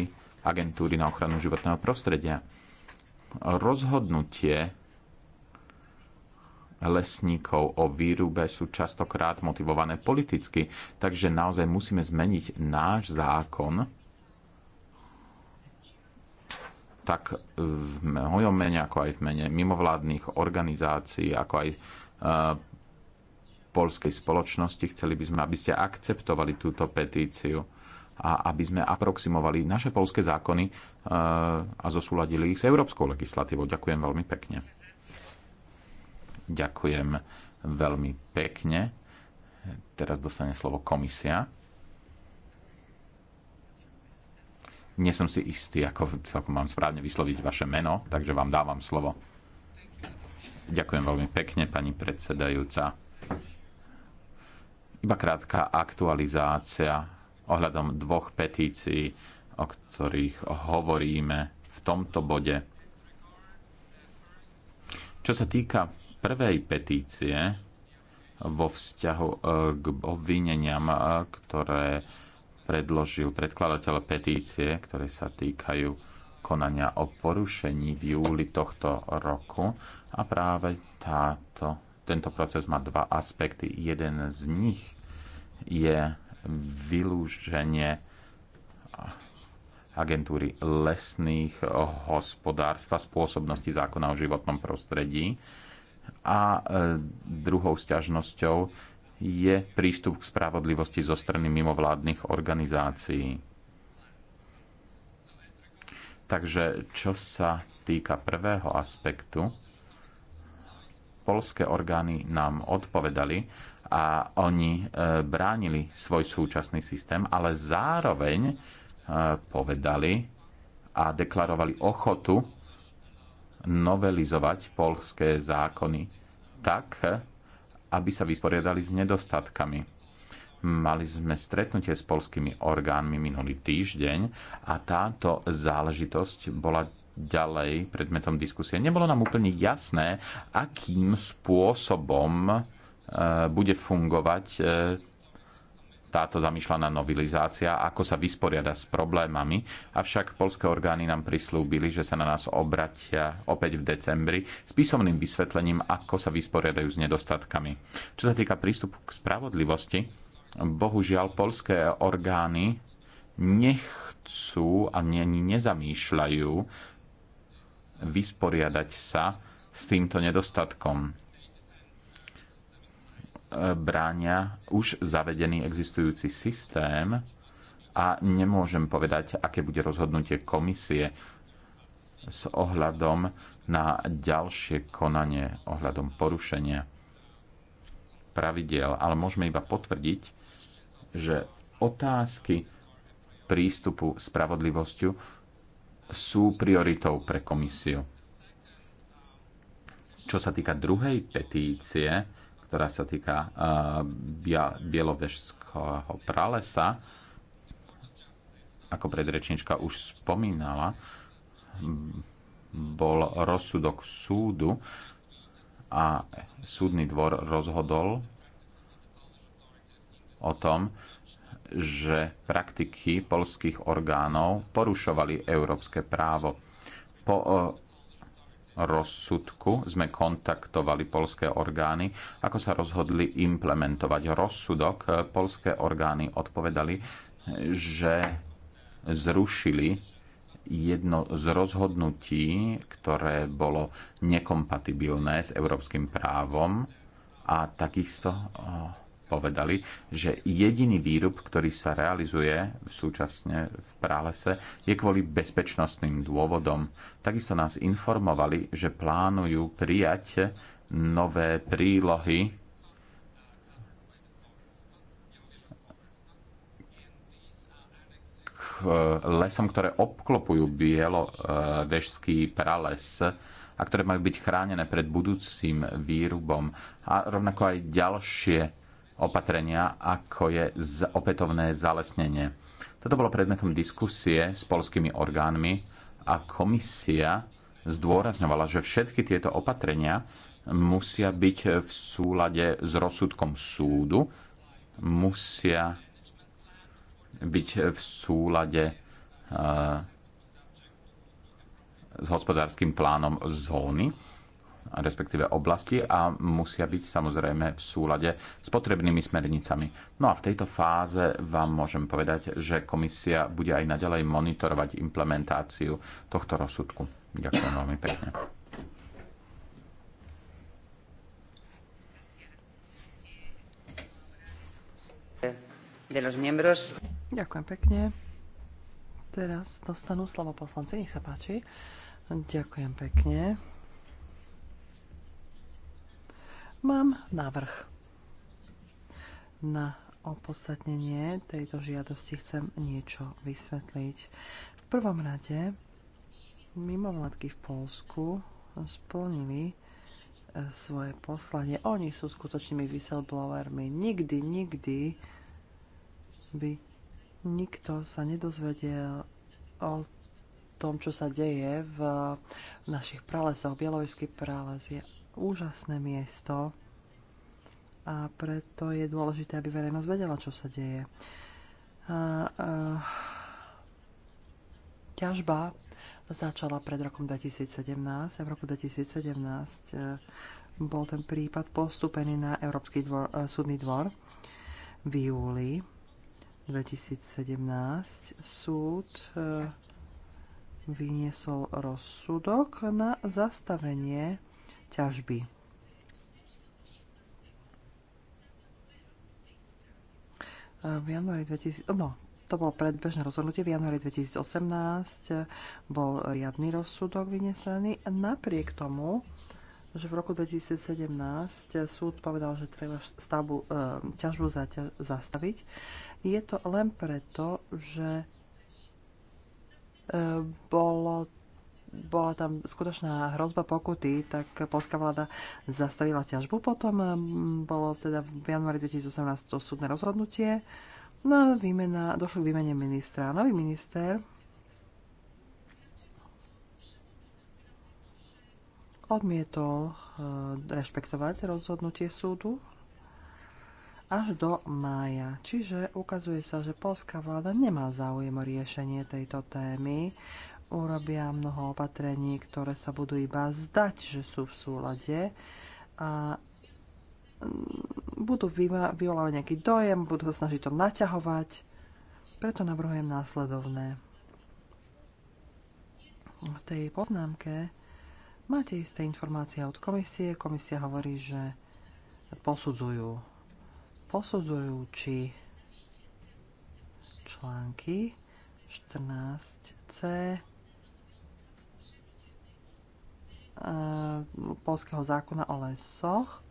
agentúry na ochranu životného prostredia. Rozhodnutie lesníkov o výrube sú častokrát motivované politicky. Takže naozaj musíme zmeniť náš zákon, tak v mojom mene, ako aj v mene mimovládnych organizácií, ako aj e, polskej spoločnosti, chceli by sme, aby ste akceptovali túto petíciu a aby sme aproximovali naše polské zákony e, a zosúladili ich s európskou legislatívou. Ďakujem veľmi pekne. Ďakujem veľmi pekne. Teraz dostane slovo komisia. Nie som si istý, ako celkom mám správne vysloviť vaše meno, takže vám dávam slovo. Ďakujem veľmi pekne, pani predsedajúca. Iba krátka aktualizácia ohľadom dvoch petícií, o ktorých hovoríme v tomto bode. Čo sa týka prvej petície vo vzťahu e, k obvineniam, e, ktoré predložil predkladateľ petície, ktoré sa týkajú konania o porušení v júli tohto roku. A práve táto, tento proces má dva aspekty. Jeden z nich je vylúženie agentúry lesných hospodárstva spôsobnosti zákona o životnom prostredí a e, druhou sťažnosťou je prístup k spravodlivosti zo strany mimovládnych organizácií. Takže čo sa týka prvého aspektu, polské orgány nám odpovedali a oni e, bránili svoj súčasný systém, ale zároveň e, povedali a deklarovali ochotu novelizovať polské zákony tak, aby sa vysporiadali s nedostatkami. Mali sme stretnutie s polskými orgánmi minulý týždeň a táto záležitosť bola ďalej predmetom diskusie. Nebolo nám úplne jasné, akým spôsobom eh, bude fungovať eh, táto zamýšľaná novelizácia, ako sa vysporiada s problémami. Avšak polské orgány nám prislúbili, že sa na nás obratia opäť v decembri s písomným vysvetlením, ako sa vysporiadajú s nedostatkami. Čo sa týka prístupu k spravodlivosti, bohužiaľ polské orgány nechcú a ani nezamýšľajú vysporiadať sa s týmto nedostatkom bránia už zavedený existujúci systém a nemôžem povedať, aké bude rozhodnutie komisie s ohľadom na ďalšie konanie ohľadom porušenia pravidiel, ale môžeme iba potvrdiť, že otázky prístupu spravodlivosťu sú prioritou pre komisiu. Čo sa týka druhej petície, ktorá sa týka eh, bielovežského pralesa, ako predrečnička už spomínala, bol rozsudok súdu a súdny dvor rozhodol o tom, že praktiky polských orgánov porušovali európske právo. Po eh, rozsudku sme kontaktovali polské orgány. Ako sa rozhodli implementovať rozsudok, polské orgány odpovedali, že zrušili jedno z rozhodnutí, ktoré bolo nekompatibilné s európskym právom a takisto eh, povedali, že jediný výrub, ktorý sa realizuje súčasne v pralese, je kvôli bezpečnostným dôvodom. Takisto nás informovali, že plánujú prijať nové prílohy k lesom, ktoré obklopujú bielovežský prales a ktoré majú byť chránené pred budúcim výrubom. A rovnako aj ďalšie opatrenia, ako je opätovné zalesnenie. Toto bolo predmetom diskusie s polskými orgánmi a komisia zdôrazňovala, že všetky tieto opatrenia musia byť v súlade s rozsudkom súdu, musia byť v súlade eh, s hospodárskym plánom zóny respektíve oblasti a musia byť samozrejme v súlade s potrebnými smernicami. No a v tejto fáze vám môžem povedať, že komisia bude aj naďalej monitorovať implementáciu tohto rozsudku. Ďakujem veľmi pekne. de los miembros. Ďakujem pekne. Teraz dostanú slovo poslanci, nech sa páči. Ďakujem pekne. Mám návrh na opodstatnenie tejto žiadosti chcem niečo vysvetliť. V prvom rade mimovládky v Polsku splnili e, svoje poslanie. Oni sú skutočnými whistleblowermi. Nikdy, nikdy by nikto sa nedozvedel o tom, čo sa deje v našich pralesoch. Bieloruský prales je úžasné miesto a preto je dôležité, aby verejnosť vedela, čo sa deje. A, a, ťažba začala pred rokom 2017 a v roku 2017 e, bol ten prípad postupený na Európsky dvor, e, súdny dvor v júli 2017. Súd e, vyniesol rozsudok na zastavenie ťažby. E, v januári 2000, no, to bolo predbežné rozhodnutie. V januári 2018 bol riadny rozsudok vynesený. Napriek tomu, že v roku 2017 súd povedal, že treba stavbu, e, ťažbu zaťa, zastaviť, je to len preto, že e, bolo bola tam skutočná hrozba pokuty, tak polská vláda zastavila ťažbu. Potom mm, bolo teda v januári 2018 to súdne rozhodnutie. No a výmena, došlo k výmene ministra. Nový minister odmietol eh, rešpektovať rozhodnutie súdu až do mája. Čiže ukazuje sa, že polská vláda nemá záujem o riešenie tejto témy urobia mnoho opatrení, ktoré sa budú iba zdať, že sú v súlade a mm, budú vyvolávať nejaký dojem, budú sa snažiť to naťahovať. Preto navrhujem následovné. V tej poznámke máte isté informácie od komisie. Komisia hovorí, že posudzujú. Posudzujú, či články 14c Eh, polského zákona o lesoch,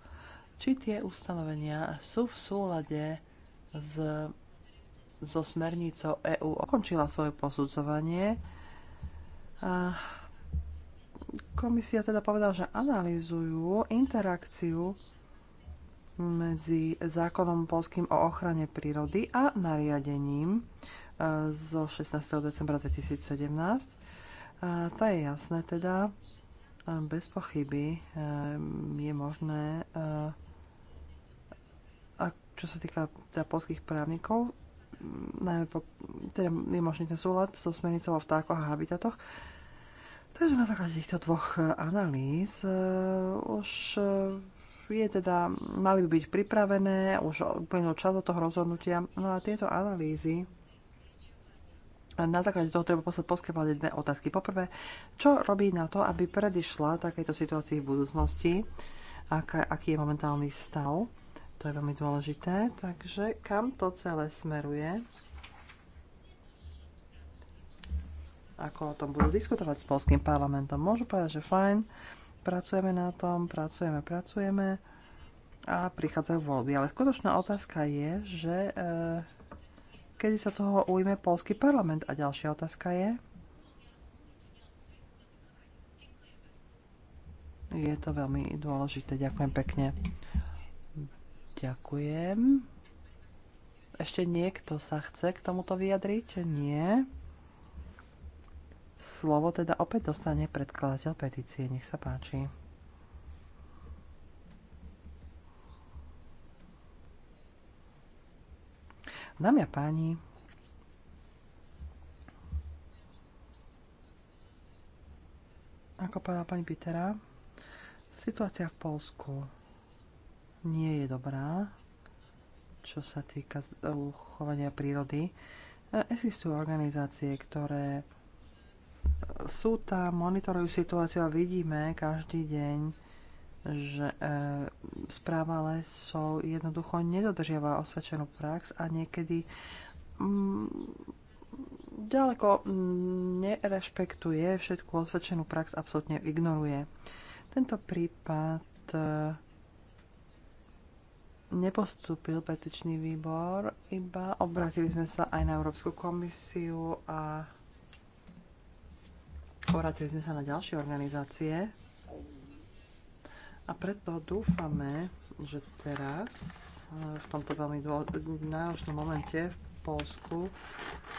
či tie ustanovenia sú v súlade s, so smernicou EÚ. Okončila svoje posudzovanie. komisia teda povedala, že analýzujú interakciu medzi zákonom polským o ochrane prírody a nariadením eh, zo 16. decembra 2017. A tá je jasné teda, Ehm, bez pochyby ehm, je možné, ehm, a čo sa týka teda polských právnikov, mm, najmä po, teda je možný ten súlad so smernicou o vtákoch a habitatoch. Takže na základe týchto dvoch e, analýz e, už e, je teda, mali by byť pripravené, už uplynul čas od toho rozhodnutia. No a tieto analýzy na základe toho treba poslať poskytovať dve otázky. Poprvé, čo robí na to, aby predišla takejto situácii v budúcnosti? Aká, aký je momentálny stav? To je veľmi dôležité. Takže kam to celé smeruje? Ako o tom budú diskutovať s polským parlamentom? Môžu povedať, že fajn, pracujeme na tom, pracujeme, pracujeme a prichádzajú voľby. Ale skutočná otázka je, že e, kedy sa toho ujme polský parlament. A ďalšia otázka je, je to veľmi dôležité. Ďakujem pekne. Ďakujem. Ešte niekto sa chce k tomuto vyjadriť? Nie. Slovo teda opäť dostane predkladateľ petície. Nech sa páči. Dámy a páni, ako povedala pani Pitera, situácia v Polsku nie je dobrá, čo sa týka uchovania prírody. Existujú organizácie, ktoré sú tam, monitorujú situáciu a vidíme každý deň, že e, správa lesov jednoducho nedodržiava osvedčenú prax a niekedy mm, ďaleko mm, nerešpektuje všetku osvedčenú prax, absolútne ignoruje. Tento prípad e, nepostúpil petičný výbor, iba obratili sme sa aj na Európsku komisiu a obratili sme sa na ďalšie organizácie, a preto dúfame, že teraz, e, v tomto veľmi náročnom momente v Polsku,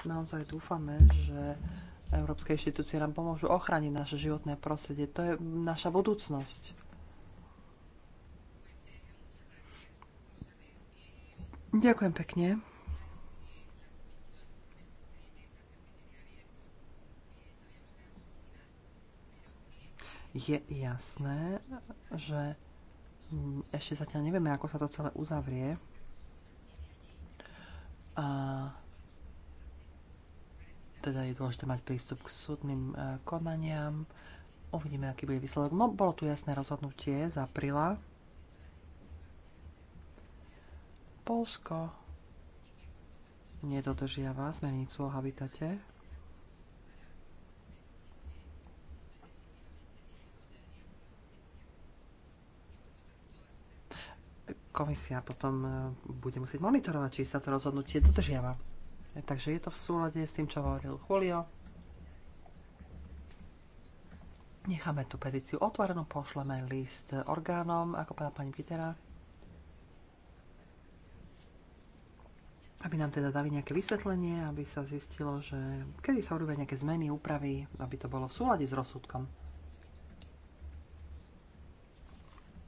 naozaj dúfame, že európske inštitúcie nám pomôžu ochrániť naše životné prostredie. To je naša budúcnosť. Ďakujem pekne. je jasné, že mm, ešte zatiaľ nevieme, ako sa to celé uzavrie. A teda je dôležité mať prístup k súdnym e, konaniam. Uvidíme, aký bude výsledok. No, bolo tu jasné rozhodnutie z apríla. Polsko nedodržiava smernicu o habitate. komisia potom e, bude musieť monitorovať, či sa to rozhodnutie dodržiava. E, takže je to v súlade s tým, čo hovoril Julio. Necháme tú petíciu otvorenú, pošleme list orgánom, ako povedala pani Pitera, aby nám teda dali nejaké vysvetlenie, aby sa zistilo, že kedy sa urobia nejaké zmeny, úpravy, aby to bolo v súlade s rozsudkom.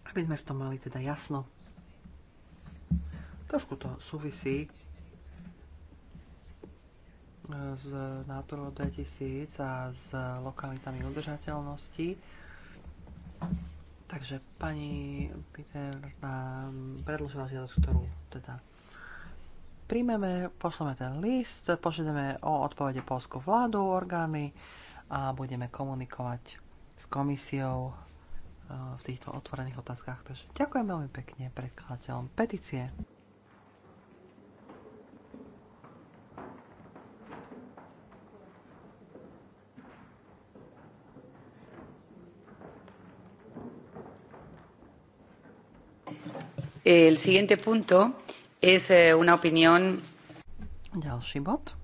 Aby sme v tom mali teda jasno. Trošku to súvisí eh, s Natúrou 2000 a s lokalitami udržateľnosti. Takže pani Peter nám predložila žiadosť, ktorú teda príjmeme, pošleme ten list, požiadame o odpovede polskú vládu, orgány a budeme komunikovať s komisiou eh, v týchto otvorených otázkach. Takže ďakujem veľmi pekne predkladateľom petície. El siguiente punto es eh, una opinión. Ďalší bod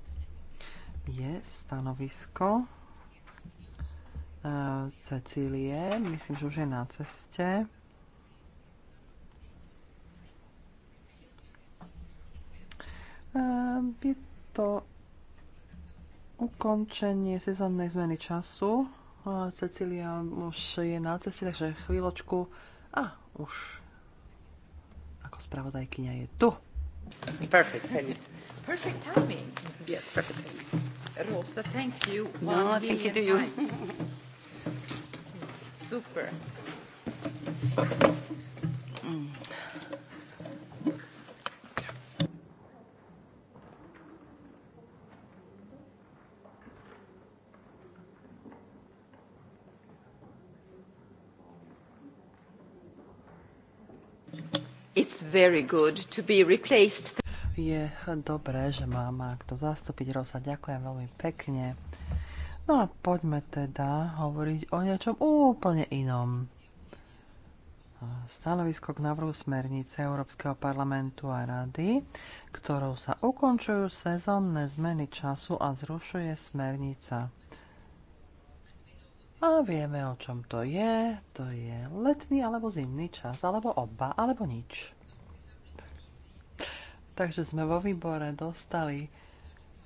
je stanovisko eh, Cecílie. Myslím, že už je na ceste. Eh, je to ukončenie sezónnej zmeny času. Cecília už je na ceste, takže chvíľočku. A, už ako spravodajkyňa je tu. Perfect timing. Perfect timing. Yes, perfect timing. Rosa, thank you. No, thank you to you. Super. Mm. Je dobré, že má má kto zastúpiť Rosa. Ďakujem veľmi pekne. No a poďme teda hovoriť o niečom úplne inom. Stanovisko k návrhu smernice Európskeho parlamentu a rady, ktorou sa ukončujú sezónne zmeny času a zrušuje smernica. A vieme, o čom to je. To je letný alebo zimný čas, alebo oba, alebo nič. Takže sme vo výbore dostali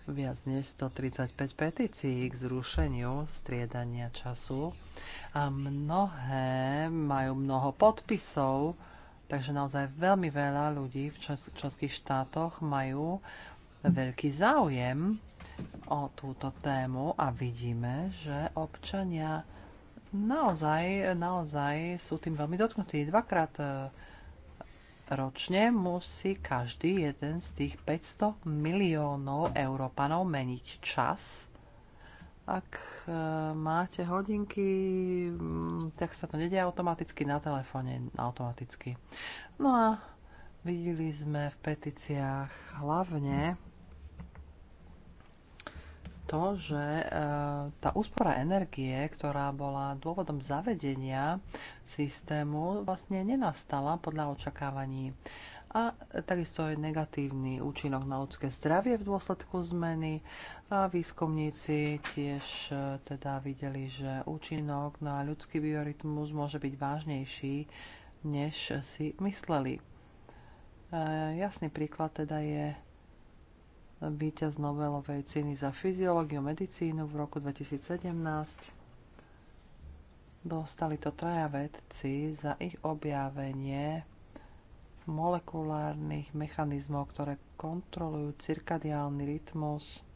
viac než 135 petícií k zrušeniu striedania času a mnohé majú mnoho podpisov, takže naozaj veľmi veľa ľudí v členských štátoch majú veľký záujem o túto tému a vidíme, že občania naozaj, naozaj sú tým veľmi dotknutí. Dvakrát ročne musí každý jeden z tých 500 miliónov Európanov meniť čas. Ak e, máte hodinky, mm, tak sa to nedie automaticky na telefóne, automaticky. No a videli sme v petíciách hlavne to, že eh, tá úspora energie, ktorá bola dôvodom zavedenia systému, vlastne nenastala podľa očakávaní. A takisto je negatívny účinok na ľudské zdravie v dôsledku zmeny. A výskumníci tiež eh, teda videli, že účinok na ľudský biorytmus môže byť vážnejší, než si mysleli. Eh, jasný príklad teda je víťaz Nobelovej ceny za fyziológiu medicínu v roku 2017. Dostali to traja vedci za ich objavenie molekulárnych mechanizmov, ktoré kontrolujú cirkadiálny rytmus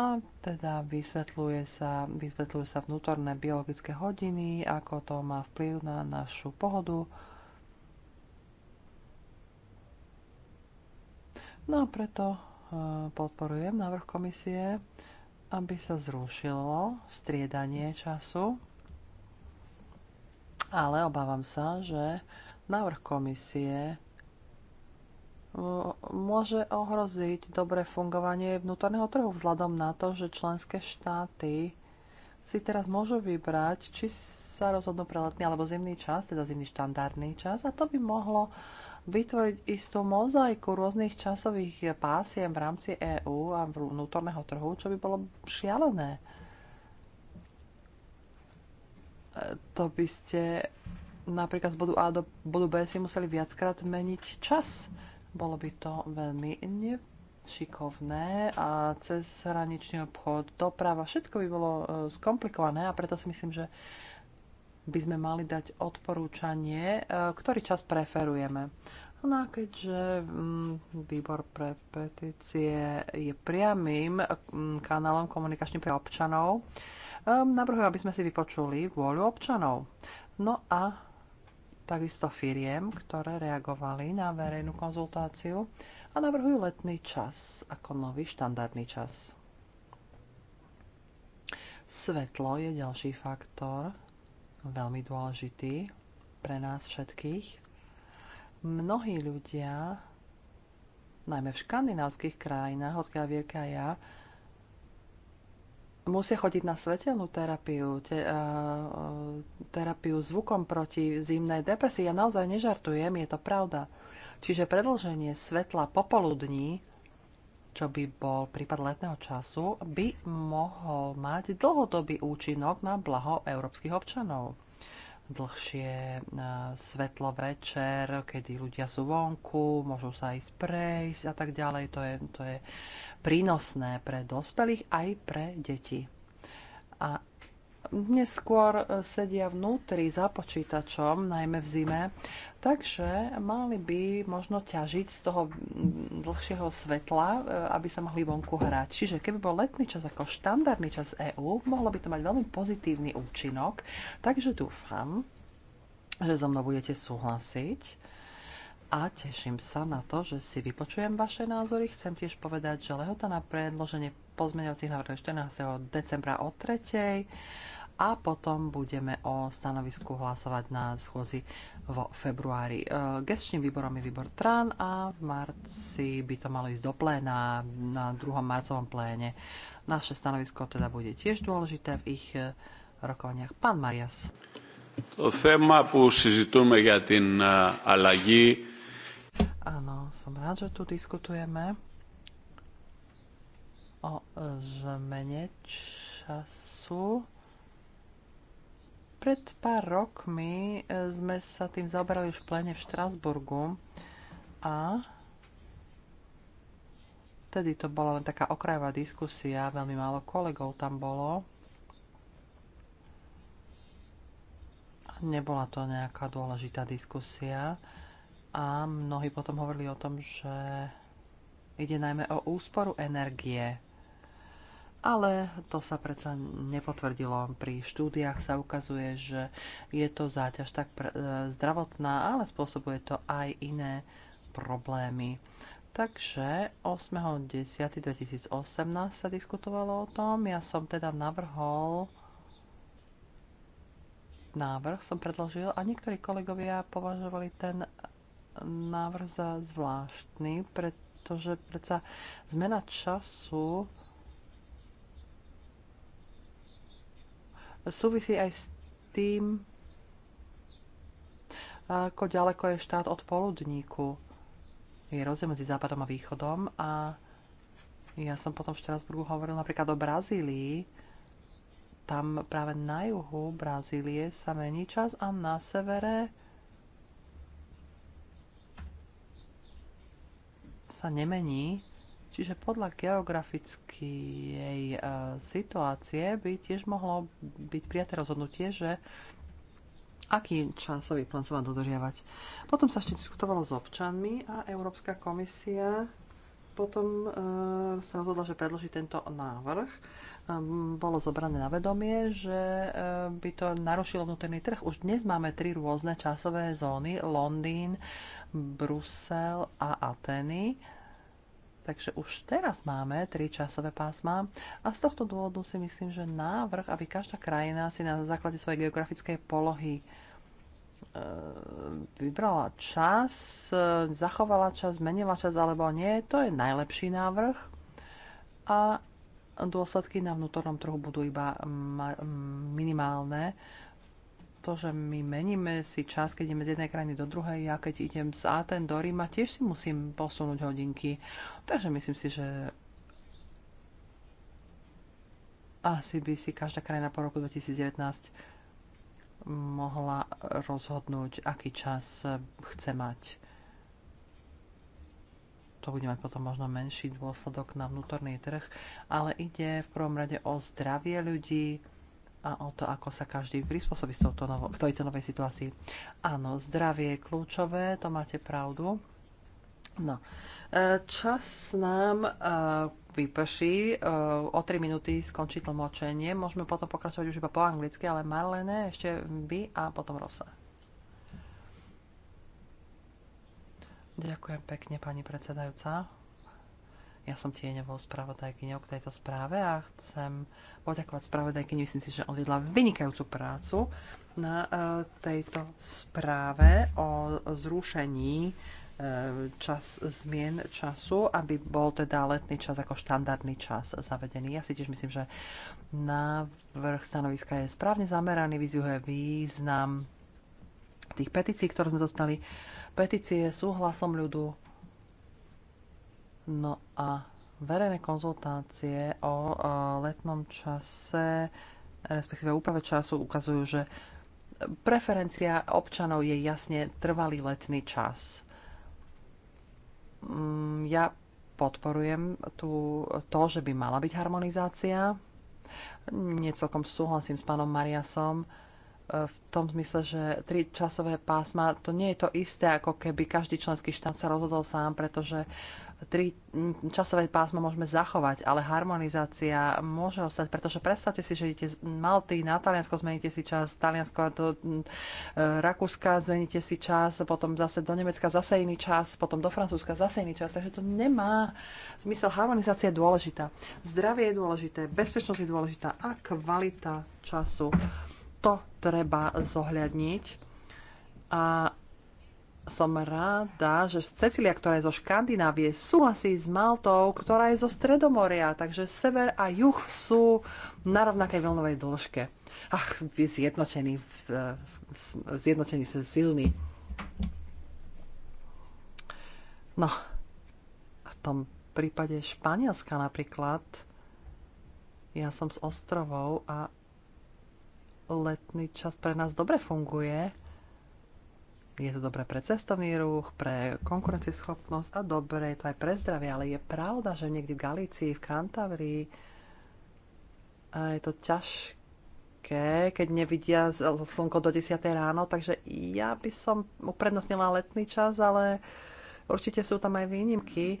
a teda vysvetľuje sa, vysvetľujú sa vnútorné biologické hodiny, ako to má vplyv na našu pohodu, No a preto Eh, podporujem návrh komisie, aby sa zrušilo striedanie času, ale obávam sa, že návrh komisie eh, môže ohroziť dobré fungovanie vnútorného trhu vzhľadom na to, že členské štáty si teraz môžu vybrať, či sa rozhodnú pre letný alebo zimný čas, teda zimný štandardný čas a to by mohlo vytvoriť istú mozaiku rôznych časových pásiem v rámci EÚ a vnútorného trhu, čo by bolo šialené. E, to by ste napríklad z bodu A do bodu B si museli viackrát meniť čas. Bolo by to veľmi nešikovné a cez hraničný obchod, doprava, všetko by bolo e, skomplikované a preto si myslím, že by sme mali dať odporúčanie, e, ktorý čas preferujeme. No a keďže mm, výbor pre petície je priamým mm, kanálom komunikačným pre občanov, e, navrhujem, aby sme si vypočuli vôľu občanov. No a takisto firiem, ktoré reagovali na verejnú konzultáciu a navrhujú letný čas ako nový štandardný čas. Svetlo je ďalší faktor, veľmi dôležitý pre nás všetkých. Mnohí ľudia, najmä v škandinávskych krajinách, odkiaľ Vierka ja, musia chodiť na svetelnú terapiu, te, uh, terapiu zvukom proti zimnej depresii. Ja naozaj nežartujem, je to pravda. Čiže predlženie svetla popoludní čo by bol prípad letného času, by mohol mať dlhodobý účinok na blaho európskych občanov. Dlhšie e, svetlo večer, kedy ľudia sú vonku, môžu sa ísť prejsť a tak ďalej. To je, to je prínosné pre dospelých aj pre deti. A skôr e, sedia vnútri za počítačom, najmä v zime, takže mali by možno ťažiť z toho dlhšieho svetla, e, aby sa mohli vonku hrať. Čiže keby bol letný čas ako štandardný čas EÚ, mohlo by to mať veľmi pozitívny účinok, takže dúfam, že so mnou budete súhlasiť a teším sa na to, že si vypočujem vaše názory. Chcem tiež povedať, že lehota na predloženie pozmeňovacích návrhov 14. decembra o 3. a potom budeme o stanovisku hlasovať na schôzi vo februári. E, gestčným výborom je výbor TRAN a v marci by to malo ísť do pléna na 2. marcovom pléne. Naše stanovisko teda bude tiež dôležité v ich e, rokovaniach. Pán Marias. Το θέμα που συζητούμε ja tým alagí. Áno, som rád, že tu diskutujeme o zmene času. Pred pár rokmi e, sme sa tým zaoberali už plene v Štrasburgu a vtedy to bola len taká okrajová diskusia, veľmi málo kolegov tam bolo. Nebola to nejaká dôležitá diskusia a mnohí potom hovorili o tom, že ide najmä o úsporu energie ale to sa predsa nepotvrdilo. Pri štúdiách sa ukazuje, že je to záťaž tak e, zdravotná, ale spôsobuje to aj iné problémy. Takže 8.10.2018 sa diskutovalo o tom. Ja som teda navrhol návrh som predložil a niektorí kolegovia považovali ten návrh za zvláštny, pretože predsa zmena času súvisí aj s tým, ako ďaleko je štát od poludníku. Je rozdiel medzi západom a východom a ja som potom v Štrasburgu hovoril napríklad o Brazílii. Tam práve na juhu Brazílie sa mení čas a na severe sa nemení Čiže podľa geografickej e, situácie by tiež mohlo byť prijaté rozhodnutie, že aký časový plán sa má dodržiavať. Potom sa ešte diskutovalo s občanmi a Európska komisia potom e, sa rozhodla, že predloží tento návrh. E, bolo zobrané na vedomie, že e, by to narušilo vnútorný trh. Už dnes máme tri rôzne časové zóny. Londýn, Brusel a Ateny Takže už teraz máme tri časové pásma a z tohto dôvodu si myslím, že návrh, aby každá krajina si na základe svojej geografickej polohy e, vybrala čas, e, zachovala čas, zmenila čas alebo nie, to je najlepší návrh a dôsledky na vnútornom trhu budú iba minimálne to, že my meníme si čas, keď ideme z jednej krajiny do druhej. Ja keď idem z Aten do Ríma, tiež si musím posunúť hodinky. Takže myslím si, že asi by si každá krajina po roku 2019 mohla rozhodnúť, aký čas chce mať. To bude mať potom možno menší dôsledok na vnútorný trh, ale ide v prvom rade o zdravie ľudí, a o to, ako sa každý prispôsobí s touto novo, k tejto novej situácii. Áno, zdravie je kľúčové, to máte pravdu. No, e, čas nám e, vyprší, e, o 3 minúty skončí tlmočenie, môžeme potom pokračovať už iba po anglicky, ale Marlene, ešte vy a potom Rosa. Ďakujem pekne, pani predsedajúca. Ja som tieňovou spravodajkyňou k tejto správe a chcem poďakovať spravodajkyni. Myslím si, že odvedla vynikajúcu prácu na e, tejto správe o zrušení e, čas zmien času, aby bol teda letný čas ako štandardný čas zavedený. Ja si tiež myslím, že návrh stanoviska je správne zameraný, vyzvihuje význam tých petícií, ktoré sme dostali. Petície súhlasom ľudu No a verejné konzultácie o, letnom čase, respektíve úprave času, ukazujú, že preferencia občanov je jasne trvalý letný čas. Mm, ja podporujem tú, to, že by mala byť harmonizácia. Niecelkom súhlasím s pánom Mariasom e, v tom zmysle, že tri časové pásma, to nie je to isté, ako keby každý členský štát sa rozhodol sám, pretože tri časové pásmo môžeme zachovať, ale harmonizácia môže ostať, pretože predstavte si, že idete z Malty na Taliansko, zmeníte si čas, Taliansko do e, Rakúska, zmeníte si čas, potom zase do Nemecka zase iný čas, potom do Francúzska zase iný čas, takže to nemá zmysel. Harmonizácia je dôležitá. Zdravie je dôležité, bezpečnosť je dôležitá a kvalita času. To treba zohľadniť. A som ráda, že Cecilia, ktorá je zo Škandinávie, súhlasí s Maltou, ktorá je zo Stredomoria, takže sever a juh sú na rovnakej vlnovej dĺžke. Ach, vy zjednočení, zjednočení sú silní. No, v tom prípade Španielska napríklad, ja som z ostrovov a letný čas pre nás dobre funguje je to dobré pre cestovný ruch, pre konkurencieschopnosť a dobre je to aj pre zdravie, ale je pravda, že niekde v Galícii, v Kantabrii je to ťažké, keď nevidia slnko do 10 ráno, takže ja by som uprednostnila letný čas, ale určite sú tam aj výnimky e,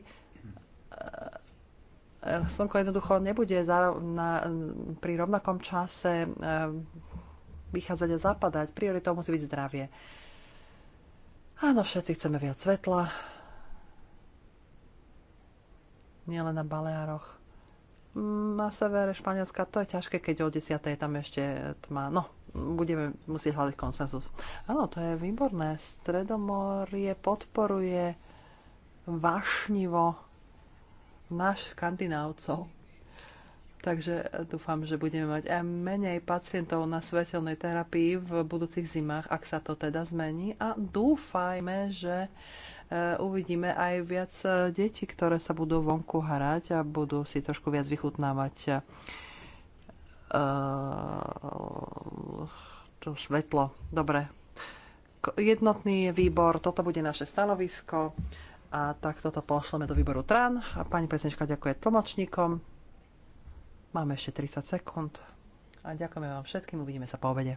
e, slnko jednoducho nebude na, pri rovnakom čase e, vychádzať a zapadať. Prioritou musí byť zdravie. Áno, všetci chceme viac svetla. Nielen na Baleároch. Mm, na severe Španielska to je ťažké, keď o 10. je tam ešte tma. No, budeme musieť hľadať konsenzus. Áno, to je výborné. Stredomorie podporuje vášnivo náš škandinávcov. Takže e, dúfam, že budeme mať aj menej pacientov na svetelnej terapii v budúcich zimách, ak sa to teda zmení. A dúfajme, že e, uvidíme aj viac e, detí, ktoré sa budú vonku hrať a budú si trošku viac vychutnávať to svetlo. Dobre. Jednotný výbor, toto bude naše stanovisko a takto toto pošleme do výboru TRAN. A pani predsednička ďakuje tlmočníkom. Máme ešte 30 sekúnd. A ďakujeme vám všetkým. Uvidíme sa po obede.